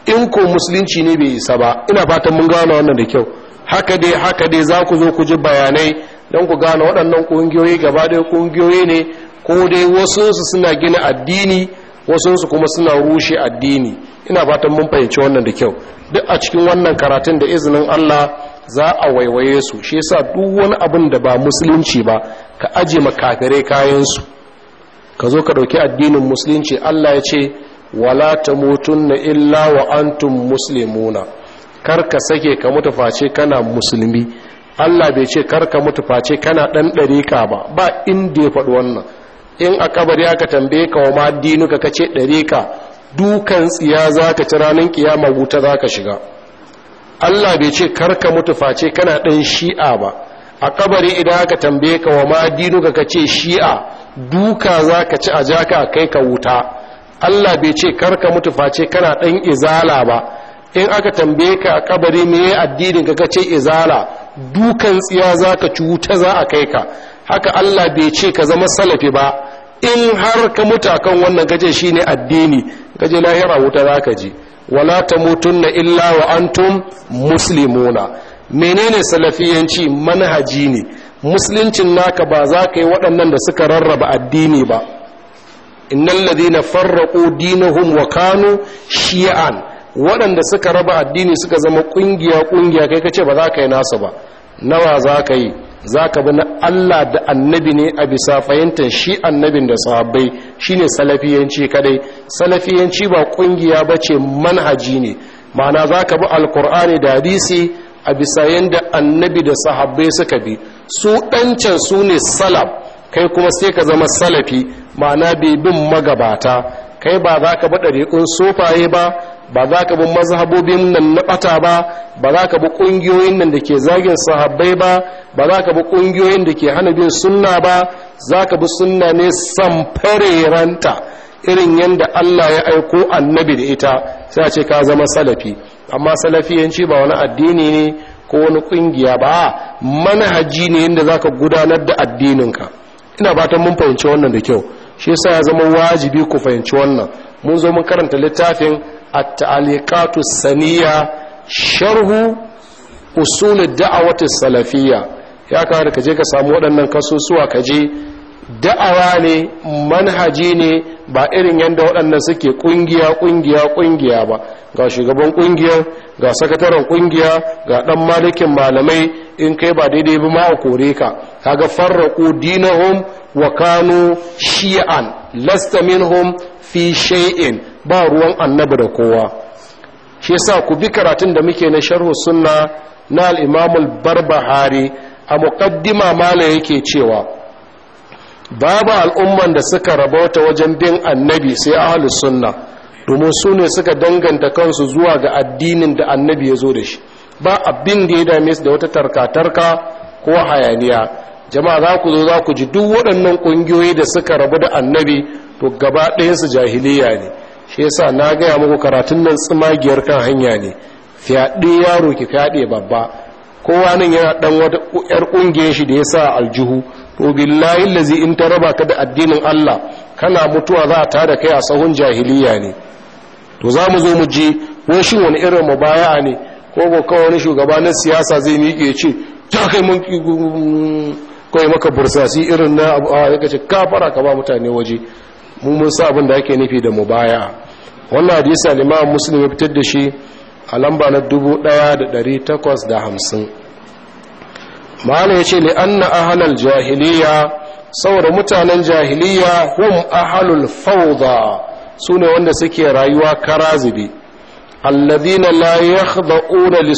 in ko musulunci ne bai isa ba ina fatan mun gano wannan da kyau haka dai haka dai za ku zo ku ji bayanai don ku gano waɗannan ƙungiyoyi gaba ɗaya ƙungiyoyi ne ko dai wasunsu suna gina addini wasunsu kuma suna rushe addini ina fatan mun fahimci wannan da kyau duk a cikin wannan karatun da izinin allah za a waiwaye su shi yasa duk wani abin da ba musulunci ba ka aje makafirai kayan su ka zo ka dauki addinin musulunci Allah ya ce wala tamutunna illa wa antum muslimuna kar ka sake ka mutu face kana musulmi Allah bai ce kar ka mutu face kana dan dariƙa ba ba inda ya faɗi wannan in a kabari aka tambaye ka wa ma kace dariƙa dukan tsiya zaka ci ranar kiyama wuta zaka shiga Allah bai ce karka mutu face kana ɗan shi'a ba a kabari idan aka tambaye ka wa ma ka ce shi'a duka za ka ci a jaka kai ka wuta Allah bai ce karka mutu face kana ɗan izala ba in aka tambaye ka a kabari me ya addinin ka ce izala dukan tsiya za ka ci wuta za a kai ka haka Allah bai ce ka zama salafi ba in har ka mutu akan wannan gaje shine addini gaje lahira wuta za ka je wala na illa wa antum muslimuna menene salafiyanci manhaji ne musuluncin naka ba za ka yi waɗannan da suka rarraba addini ba innal na farraqu dinahum wa kanu shi'an waɗanda suka raba addini suka zama ƙungiya ƙungiya kai kace ba za ka yi nasu ba nawa za ka yi za ka bi na Allah da annabi ne a bisa fahimtar shi annabin da sahabbai shine salafiyanci kadai salafiyanci ba kungiya ba ce manhaji ne ma'ana za ka bi alkur'ani da hadisi a bisa yadda annabi da sahabbai suka bi su ɗancan su ne salaf kai kuma sai ka zama salafi ma'ana bai bin magabata kai ba za ka bi ɗari'un sofaye ba ba za ka bi mazhabobin nan na bata ba ba za ka bi kungiyoyin nan da ke zagin sahabbai ba ba za ka bi kungiyoyin da ke hana bin sunna ba za ka bi sunna ne samfareranta irin yadda Allah ya aiko annabi da ita sai a ce ka zama salafi amma salafiyanci ba wani addini ne ko wani kungiya ba manhaji ne yadda za ka gudanar da addininka ina fatan mun fahimci wannan da kyau shi yasa ya zama wajibi ku fahimci wannan mun zo mun karanta littafin التعليقات السنية saniya sharhu الدعوة السلفية يا كارك ya kamata ka je ka samu waɗannan kasusuwa ka je manhaji ne ba irin yadda waɗannan suke ƙungiya ƙungiya ƙungiya ba ga shugaban ƙungiya ga sakataren ƙungiya ga ɗan malikin malamai in kai ba daidai ba ma a kore ka kaga farraku dinahum wa kanu shi'an lasta minhum fi shay'in ba ruwan annabi da kowa shi yasa ku bi karatun da muke na sharhu sunna na al barbahari a muqaddima mala yake cewa babu al'umman da suka rabauta wajen bin annabi sai ahlus sunna domin su ne suka danganta kansu zuwa ga addinin da annabi ya zo da shi ba abin da ya dame su da wata tarka-tarka ko hayaniya jama'a za ku zo za ku ji duk waɗannan ƙungiyoyi da suka rabu da annabi to gaba ɗayansu jahiliya ne shi yasa na gaya muku karatun nan tsimagiyar kan hanya ne fyaɗe yaro ki fyaɗe babba kowa nan yana ɗan wata ƴar ƙungiyar shi da ya sa aljihu to billahi lazi in ta raba ka da addinin Allah kana mutuwa za a tada kai a sahun jahiliya ne to za mu zo mu je ko shi wani irin mubaya'a ne ko ko kawai wani shugaba na siyasa zai miƙe ce ta kai mun kai maka bursasi irin na abu a ka ce ka ka ba mutane waje mu mun sa abin da ake nufi da mubaya wannan hadisi al-imam muslim ya fitar da shi a lamba na 1850 malam yace li anna ahlal jahiliya saboda mutanen jahiliya hum ahlul fawda sune wanda suke rayuwa karazibi alladhina la yakhda'una li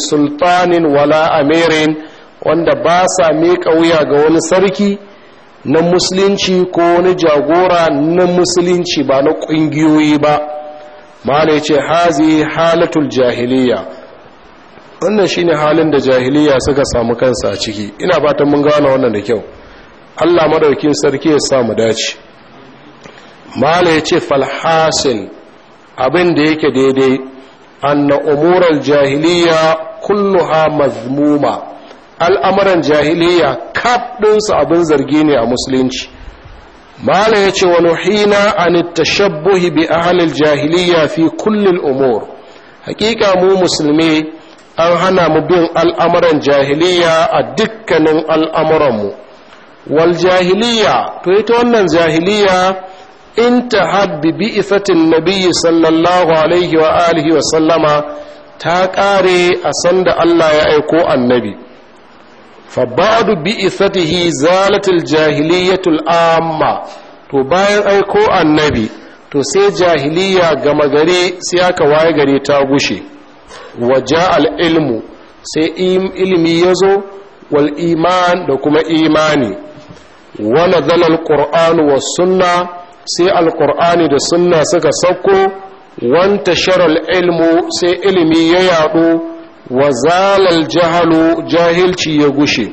wala amirin wanda ba sa miƙa wuya ga wani sarki na musulunci ko wani jagora na musulunci ba na ƙungiyoyi ba mala ya ce hazi halatul jahiliya wannan shine halin da jahiliya suka samu kansa a ciki ina fatan mun gane wannan da kyau allah madaukin sarki ya samu dace mala ya ce Falhasin abin da yake daidai anna umurar jahiliya kulluha mazmuma al'amuran jahiliya kaf ɗinsu abin zargi ne a musulunci mala ya ce wani hina an tashabbuhi bi ahalil jahiliya fi kullin umur hakika mu musulmi an hana mu bin al'amuran jahiliya a dukkanin al'amuranmu wal jahiliya to ita wannan jahiliya in ta habbi bi ifatin nabiyyi sallallahu alaihi wa alihi wa sallama ta ƙare a sanda Allah ya aiko annabi fa ba'du bi'ithatihi zalatul jahiliyatul amma to bayan aiko annabi to sai jahiliya gama gari sai aka waye gari ta gushe wa ja'al ilmu sai ilimi yazo wal iman da kuma imani wa nazala alquran was sunna sai alqur'ani da sunna suka sauko wanta sharal ilmu sai ilimi ya yado wa zalal jahalu jahilci ya gushe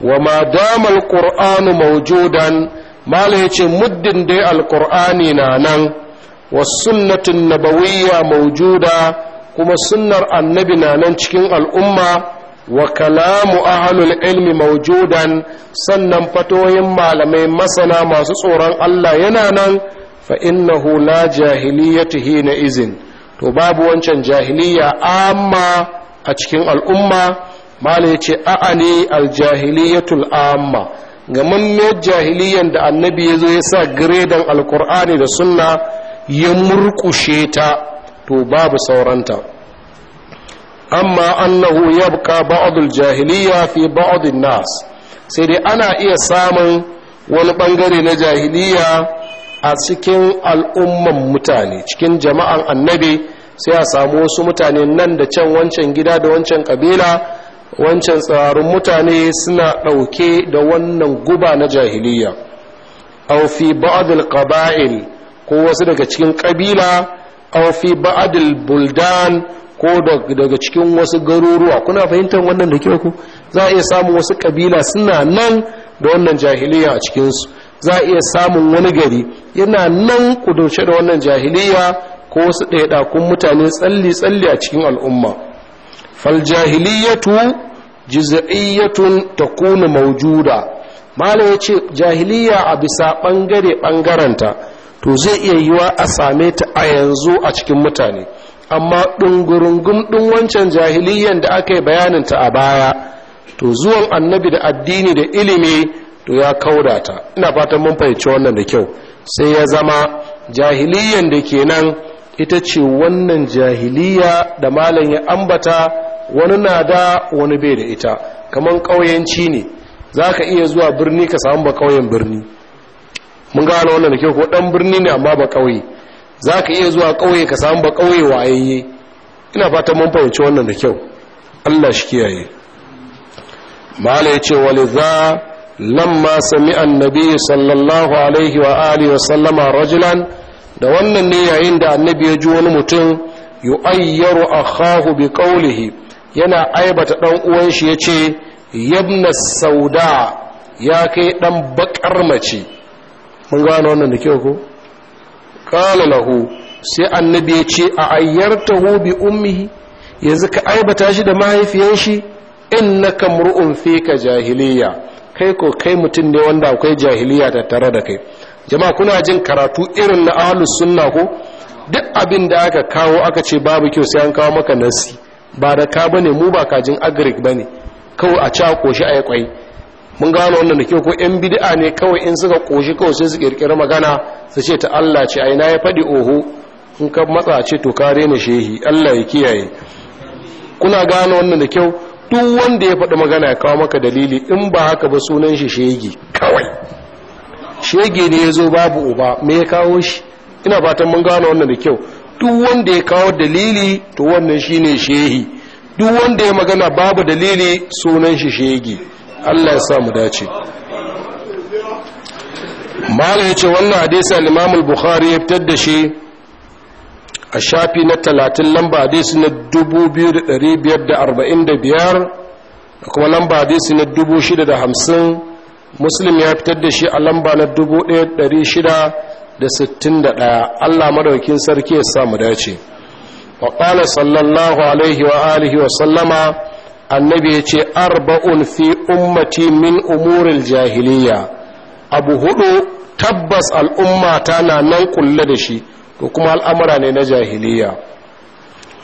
wa ma damal qur'anu mawjudan mala yace muddin dai alqur'ani na nan wa sunnatun nabawiyya mawjuda kuma sunnar annabi na nan cikin al'umma wa kalamu ahlul ilmi mawjudan sannan fatoyin malamai masana masu tsoron Allah yana nan fa innahu la jahiliyatu hina izin to babu wancan jahiliya amma a cikin al'umma mala ya ce ne aljahiliyatul amma gamammiyar jahiliyan da annabi ya zo ya sa giredan alkur'ani da sunna ya murkushe ta to babu sauranta amma annahu yabqa ba'adul jahiliya fi ba'adun nas sai dai ana iya samun wani bangare na jahiliya a cikin al'umman mutane cikin jama'an annabi sai a samu wasu mutane nan da can wancan gida da wancan kabila wancan tsararrun mutane suna ɗauke da wannan guba na jahiliya aw ba'adul ba'dil ko wasu daga cikin kabila aw fi ba'dil buldan ko daga cikin wasu garuruwa kuna fahimtar wannan da kyau ku za a iya samun wasu kabila suna nan da wannan jahiliya a cikinsu za a iya samun wani gari yana nan kudurce da wannan jahiliya ko wasu ɗaiɗakun mutane tsalli-tsalli a cikin al'umma faljahiliyatu jiz'iyyatun maujuda. mawjuda ya ce jahiliya a bisa ɓangare ɓangaranta, to zai iya yiwa a same ta a yanzu a cikin mutane amma ɗungurungun ɗin wancan jahiliyan da aka yi bayaninta a baya to zuwan annabi da addini da ilimi to ya kauda ta ina fatan mun fahimci wannan da kyau sai ya zama jahiliyan da ke nan ita ce wannan jahiliya da malam ya ambata wani na da wani bai da ita kaman ƙauyenci ne za ka iya zuwa birni ka samu ba ƙauyen birni mun gano wannan da kyau ko ɗan birni ne amma ba ƙauye za ka iya zuwa ƙauye ka samu ba ƙauye wayayye ina fatan mun fahimci wannan da kyau allah shi kiyaye mala ya ce waliza lamma sami annabi sallallahu alaihi wa alihi wa sallama rajulan da wannan ne yayin da annabi ya ji wani mutum yu'ayyaru akhahu bi qawlihi yana aibata dan uwan shi yace yabna sauda ya kai dan bakar mace mun gano wannan da kyau ko qala lahu sai annabi ya ce a ayyartahu bi ummihi yanzu ka aibata shi da mahaifiyar shi innaka mur'un fika jahiliya kai ko kai mutum ne wanda akwai jahiliya tattare da kai jama'a kuna jin karatu irin na ahlus sunna ko duk abin da aka kawo aka ce babu kyau sai an kawo maka nasi ba da ka bane mu ba kajin agric bane kawai a ca koshi a kwai mun gano wannan da kyau ko yan bid'a ne kawai in suka koshi kawai sai su kirkira magana su ce ta Allah ce ai na ya fadi oho in ka matsa ce to kare na shehi Allah ya kiyaye kuna gano wannan da kyau duk wanda ya faɗi magana ya kawo maka dalili in ba haka ba sunan shi shegi kawai shege ne ya zo babu uba me ya kawo shi ina fatan mun gano wannan da kyau duk wanda ya kawo dalili to wannan shine shehi duk wanda ya magana babu dalili sunan shi shege Allah ya sa mu dace mala ya ce wannan hadisi al-imam al-bukhari ya fitar da shi a shafi na 30 lamba hadisi na 2545 da kuma lamba hadisi na muslim ya fitar da shi a lamba na 1661 allah madaukin sarki ya samu dace wa ƙala sallallahu alaihi wa alihi wa sallama annabi ya ce arba'un fi ummati min umuril jahiliya abu hudu tabbas al'umma ta na nan kulle da shi Ko kuma al'amura ne na jahiliya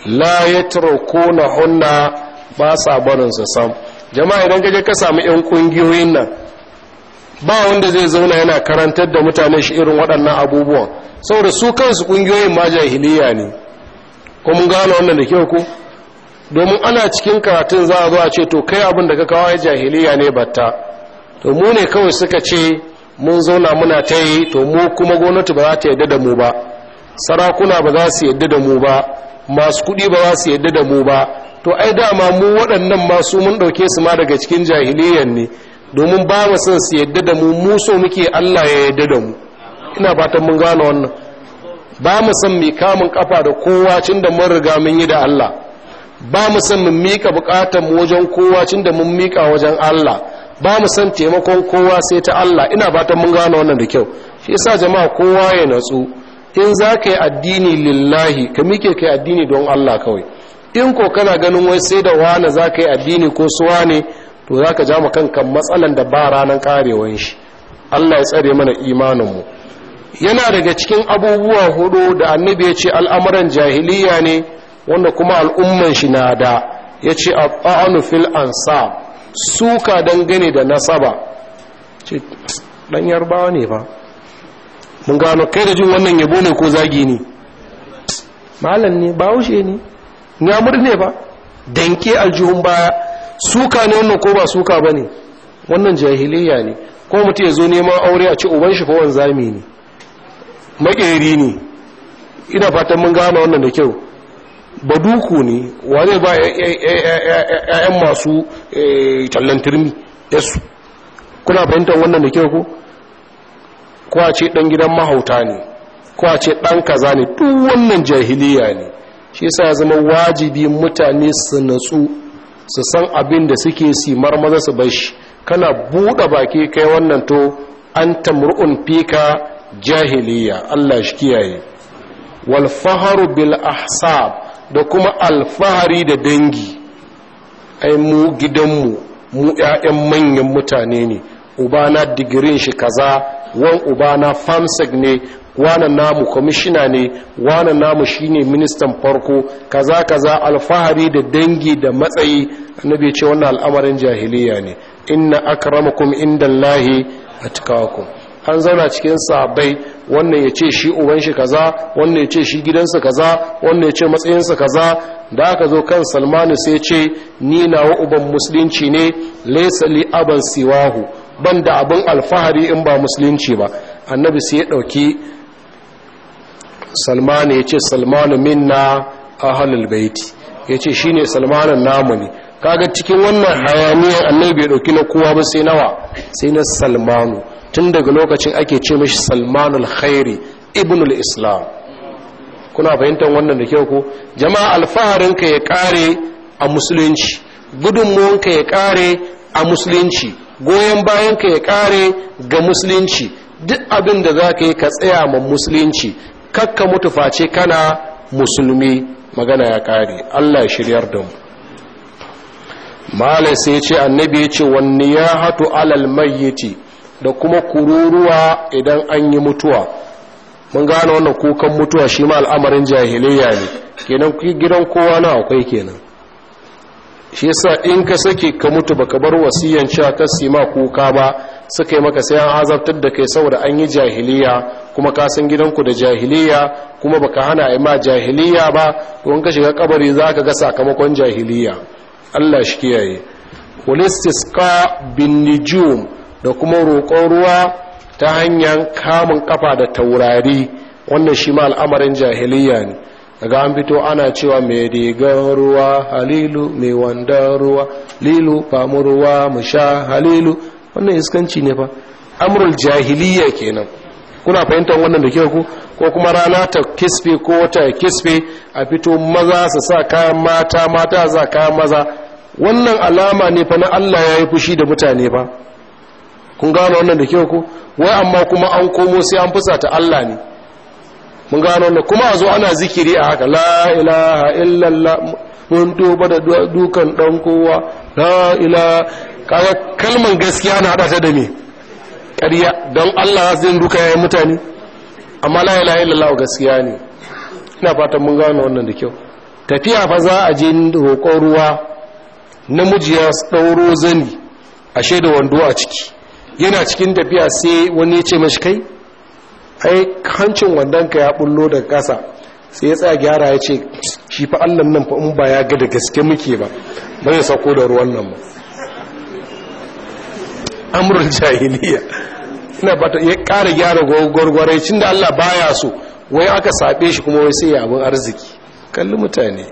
la ya na hunna ba sa barinsa sam jama'a idan gaje ka samu 'yan ƙungiyoyin nan ba wanda zai zauna yana karantar da mutane shi irin waɗannan abubuwan saboda su kansu ƙungiyoyin ma jahiliya ne ko mun gano wannan da kyau ku. domin ana cikin karatun za a zo a ce to kai abin da ka kawo ya jahiliya ne batta to mu ne kawai suka ce mun zauna muna ta yi to mu kuma gwamnati ba za ta yadda da mu ba sarakuna ba za su yadda da mu ba masu kuɗi ba za su yadda da mu ba to ai dama mu waɗannan masu mun ɗauke su ma daga cikin jahiliyan ne domin ba mu son su yadda da mu mu muke Allah ya yadda da mu ina fatan mun gane wannan ba mu son mai kamun kafa da kowa cin da mun riga mun yi da Allah ba mu son mu mika bukatar mu wajen kowa cin da mun mika wajen Allah ba mu son taimakon kowa sai ta Allah ina fatan mun gane wannan da kyau shi yasa jama'a kowa ya natsu in za ka yi addini lillahi ka mike ka yi addini don Allah kawai in ko kana ganin wai sai da wani za ka yi addini ko suwa ne to za ka ja mu kanka matsalan da ba ranar karewan shi allah ya tsare mana imaninmu yana daga cikin abubuwa hudu da annabi ya ce al'amuran jahiliya ne wanda kuma al'umman shi na da ya ce a ta'anu fil ansa suka dangane da nasaba ce ɗan yarbawa ne ba mun gano kai da jin wannan yabo ne ko zagi ne malam ne ba haushe ne ne ba danke aljihun baya suka ne wannan ko ba suka ba ne wannan jahiliya ne ko mutu ya zo neman aure a ci uban shi kowan zami ne makeri ne ina fatan mun gane wannan da kyau baduku ne wa zai ba ‘ya'yan masu eh, tallantirmi yasu kuna fahimtar wannan da kyau ko kuwa ce ɗan gidan mahauta ne kuwa ce ɗan kaza ne duk wannan jahiliya ne shi sa zama wajibi mutane su natsu su san abin da suke si maza su bashi. shi kana buɗe baki kai wannan to an tamru'un fika jahiliya Allah shi kiyaye wal faharu bil ahsab da kuma alfahari da dangi ai mu gidanmu mu ƴaƴan manyan mutane ne ubana digirin shi kaza wan ubana famsek ne wanan namu kwamishina ne wanan namu shine ministan farko kaza kaza alfahari da dangi da matsayi annabi ce wannan al'amarin jahiliya ne inna akramakum indallahi atqakum an zauna cikin sabai wannan ya ce shi uban shi kaza wannan ya ce shi gidansa kaza wannan ya ce matsayinsa kaza da aka zo kan salmanu sai ce ni nawa uban musulunci ne laisa li aban siwahu ban abin alfahari in ba musulunci ba annabi sai ya ɗauki salman ya ce salmanu minna ahalul baiti ya ce shi ne salmanin namu ne kaga cikin wannan hayaniyar annabi bai ɗauki na kowa ba sai nawa sai na salmanu tun daga lokacin ake ce mashi salmanul khairi ibnul islam kuna fahimtar wannan da kyau ko jama'a alfaharin ka ya kare a musulunci ka ya kare a musulunci goyon bayanka ya kare ga musulunci duk abin da za ka yi ka tsaya ma musulunci kakka mutu face kana musulmi magana ya kare Allah ya shiryar da mu malai sai ce annabi ya ce wanne ya hatu alal mayyiti da kuma kururuwa idan an yi mutuwa mun gane wannan kukan mutuwa shi ma al'amarin jahiliya ne kenan gidan kowa na akwai kenan shi yasa in ka sake ka mutu baka bar wasiyan cewa ka sima kuka ba suka yi maka sai an azabtar da kai saboda an yi jahiliya kuma ka san gidanku da jahiliya kuma baka hana a yi ma jahiliya ba to in ka shiga kabari za ka ga sakamakon jahiliya Allah shi kiyaye walistisqa bin nijum da kuma roƙon ruwa ta hanyar kamun kafa da taurari wannan shi ma al'amarin jahiliya ne daga an fito ana cewa mai rigar ruwa halilu mai wanda ruwa lilu famu ruwa mu sha halilu wannan iskanci ne fa amrul jahiliya kenan kuna fahimtar wannan da kyau ku ko kuma rana ta kisfe ko wata kisfe a fito maza su sa kayan mata mata za kayan maza wannan alama ne fa na Allah ya yi fushi da mutane ba kun gano wannan da kyau ku wai amma kuma an komo sai an fusa ta Allah ne mun gano wannan kuma a zo ana zikiri a haka la ilaha illallah mun tuba da dukan dan kowa la ilaha kaga kalman gaskiya na hada ta da me ƙarya don Allah zai duka yayin mutane amma la ilaha illallah gaskiya ne ina fatan mun gano wannan da kyau tafiya fa za a je roƙon ruwa namiji ya ɗauro zani ashe da wando a ciki yana cikin tafiya sai wani ya ce mashi kai ai hancin wandonka ya bullo daga ƙasa sai ya tsaya gyara ya ce shi fa allan nan fa in ba ya ga da gaske muke ba ba ya sako da ruwan nan ba amurin jahiliya ina ba ya ƙara gyara gwargwarai cin da allah baya so wai aka saɓe shi kuma wai sai ya abin arziki kalli mutane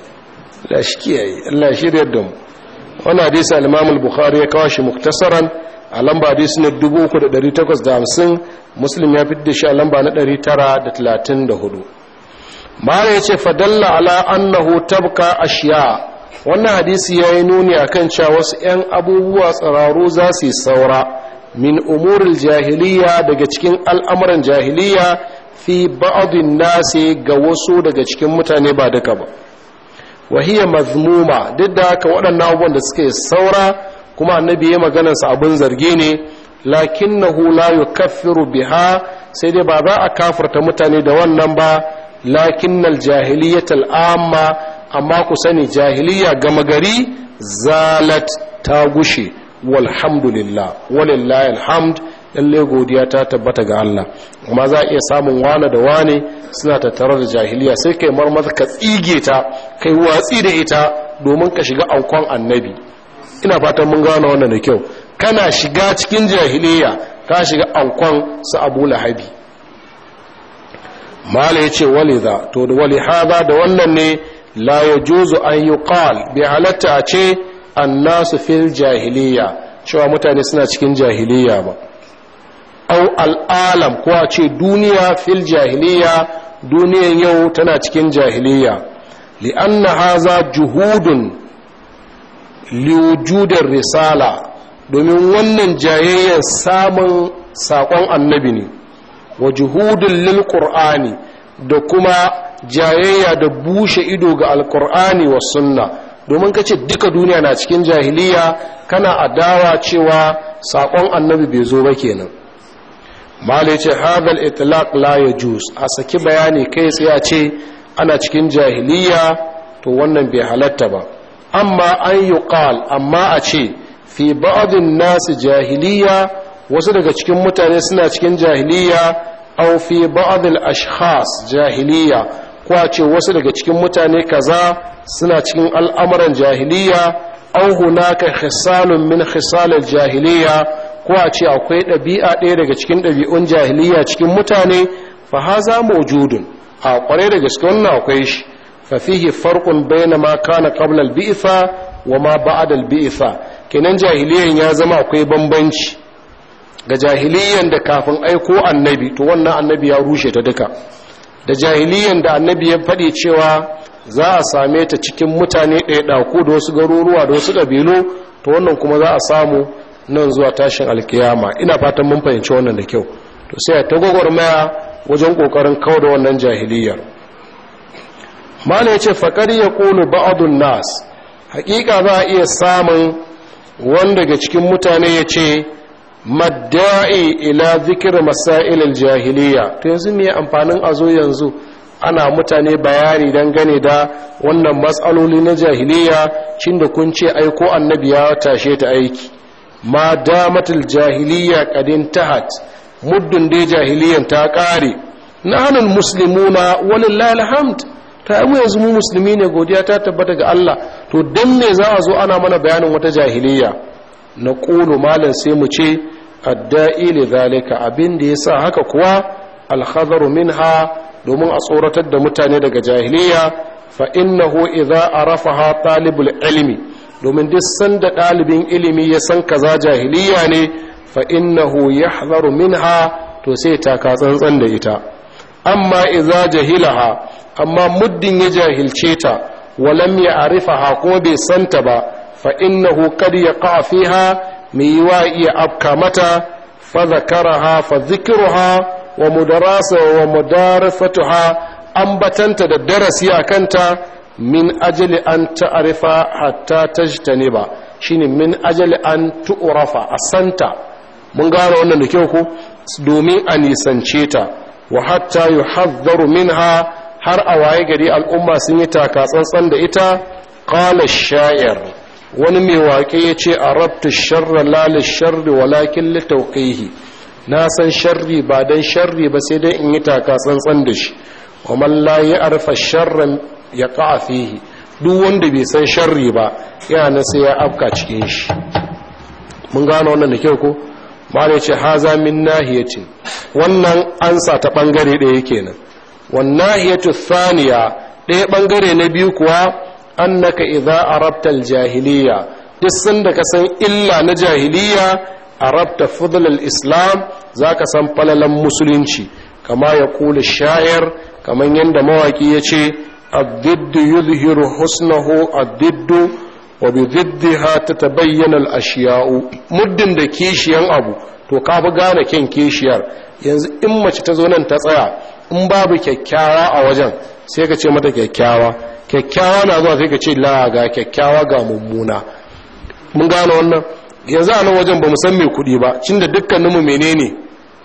la shi kiyaye allah shirya da mu wani hadisi al bukhari ya kawo shi muktasaran a lamba dai suna 3,850 muslim ya da shi a lamba na 934 mara ya ce fadalla ala annahu tabka ashiya wannan hadisi ya yi nuni a kan cewa wasu 'yan abubuwa tsararru za su yi saura min umuril jahiliya daga cikin al'amuran jahiliya fi ba'adun nasi ga wasu daga cikin mutane ba duka ba wahiyar mazmuma duk da haka waɗannan abubuwan da suke saura kuma annabi ya maganar sa abin zarge ne lakinnahu la yukaffiru biha sai dai ba za a kafirta mutane da wannan ba lakinnal jahiliyatal amma amma ku sani jahiliya gama gari zalat ta gushe walhamdulillah walillahi alhamd lalle godiya ta tabbata ga Allah amma za a iya samun wane da wane suna tattare da jahiliya sai kai marmar ka tsige ta kai watsi da ita domin ka shiga aukon annabi ina fatan mun gano wannan da kyau kana shiga cikin jahiliya ka shiga ankon su abu lahabi mala ya ce waliza to da wali haza da wannan ne la ya juzu an yi kwal bi halatta a ce annasu fil jahiliya cewa mutane suna cikin jahiliya ba au al'alam ko a ce duniya fil jahiliya duniyan yau tana cikin jahiliya na haza juhudun liwujudar risala domin wannan jayayyar samun saƙon annabi ne wa juhudin lil da kuma jayayya da bushe ido ga alƙur'ani wa sunna domin kace duka duniya na cikin jahiliya kana adawa cewa saƙon annabi bai zo ba kenan mala ce hadal itlaq la yajuz a saki bayani kai tsaye ce ana cikin jahiliya to wannan bai halatta ba amma an yi ƙal amma a ce fi ba'adin nasu jahiliya wasu daga cikin mutane suna cikin jahiliya au fi ba'adin ashkhas jahiliya ko a ce wasu daga cikin mutane kaza suna cikin al'amuran jahiliya au hunaka khisalun min hisalar jahiliya ko a ce akwai ɗabi'a ɗaya daga cikin ɗabi'un jahiliya cikin mutane fa haza mawjudun a kwarai da gaske wannan akwai shi ففيه فرق بين ma كان قبل bi'sa wa ma ba'dal bi'sa kenan jahiliyan ya zama akwai bambanci ga jahiliyan da kafin aiko annabi to wannan annabi ya rushe ta duka da jahiliyan da annabi ya faɗi cewa za a same ta cikin mutane ɗaku da wasu garuruwa da wasu ƙabilu to wannan kuma za a samu nan zuwa tashin alkiyama ina fatan mun fahimci wannan da kyau to sai ta gwagwarmaya wajen ƙoƙarin kawo da wannan jahiliyar mana yace ya ƙulu ba'adun nas haƙiƙa za a iya samun wanda daga cikin mutane ya yace madda'i ila zikir masailin jahiliya to yanzu me amfanin a zo yanzu ana mutane bayani dangane da wannan matsaloli na jahiliya cin da kun ce aiko annabi ya tashe ta aiki ma damatul jahiliya kadin tahat muddin dai jahiliyan ta ƙare. na hannun musulmuna walillahi alhamd ta yi yanzu mu musulmi ne godiya ta tabbata ga Allah to dan ne za a zo ana mana bayanin wata jahiliya na ƙulu malam sai mu ce adda'i zalika abin da ya sa haka kuwa min minha domin a tsoratar da mutane daga jahiliya fa innahu idza arafaha talibul ilmi domin duk sanda ɗalibin ilimi ya san kaza jahiliya ne fa innahu yahzaru minha to sai ta ka tsantsan da ita amma idza jahilaha amma muddin ya jahilce ta walam ya arifaha ko bai santa ba fa innahu kad yaqa ha, mai wa iya afka mata fa zakaraha fa zikruha wa mudarasa wa mudarasatuha ambatanta da darasi a kanta min ajali an ta'arifa hatta tajtaniba shine min ajali an tu'rafa asanta mun gane wannan da kyau ko domin a nisance ta wa hatta yuhadharu minha har a waye gari al'umma sun yi taka tsantsan da ita Kala sha'ir wani mai waƙe ya ce arabtu sharra la sharri walakin litawqihi na san sharri ba dan sharri ba sai dai in yi taka tsantsan da shi wa man la ya'rifa sharran yaqa fihi duk wanda bai san sharri ba yana na sai ya afka cikin shi mun gano wannan da kyau ko ya ce haza min nahiyatin wannan ansa ta bangare ɗaya kenan wannahiyatu thaniya ɗaya ɓangare na biyu kuwa annaka idza arabta jahiliya duk sun da ka san illa na jahiliya arabta fudlal islam za ka san falalan musulunci kama ya kula shayar kamar yadda mawaƙi ya ce addiddu yuzhiru husnahu addiddu wa bi diddiha tatabayyana al-ashiya'u muddin da kishiyan abu to ka fi gane kyan kishiyar yanzu in mace ta zo nan ta tsaya in babu kyakkyawa a wajen sai ka ce mata kyakkyawa kyakkyawa na zuwa sai ka ce la ga kyakkyawa ga mummuna mun gano wannan yanzu a nan wajen ba mu san mai kuɗi ba cin da dukkaninmu menene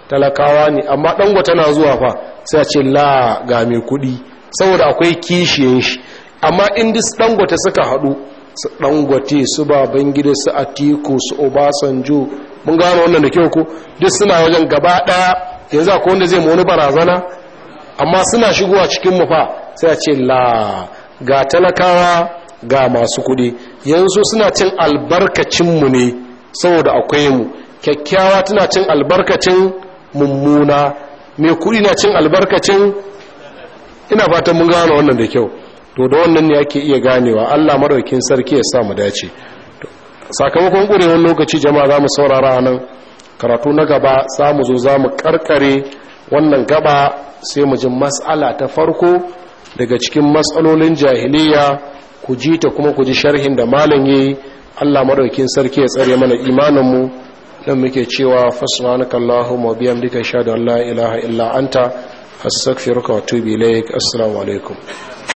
talakawa ne amma dangwata na zuwa fa sai a ce la ga mai kuɗi saboda akwai kishiyan shi amma in dis dangwata suka haɗu su gwate su baban gida su atiku su obasanjo mun gano wannan da kyau ko duk suna wajen gaba ɗaya yanzu akwai wanda zai wani barazana amma suna shigowa cikin mufa sai a ce la ga talakawa ga masu kuɗi yanzu suna cin albarkacin mu ne saboda akwai mu kyakkyawa tana cin albarkacin mummuna mai kuɗi na cin albarkacin ina fatan mun gano wannan da kyau to da wannan ne ake iya ganewa Allah madaukakin sarki ya sa mu dace sakamakon ƙurewar lokaci jama'a za mu saurara nan karatu na gaba za mu zo za mu karkare wannan gaba sai mu ji mas'ala ta farko daga cikin mas'alolin jahiliya ku ji ta kuma ku ji sharhin da malam yayi Allah madaukakin sarki ya tsare mana imanin mu dan muke cewa allahu wa bihamdika ashhadu an la ilaha illa anta astaghfiruka wa atubu ilaik alaikum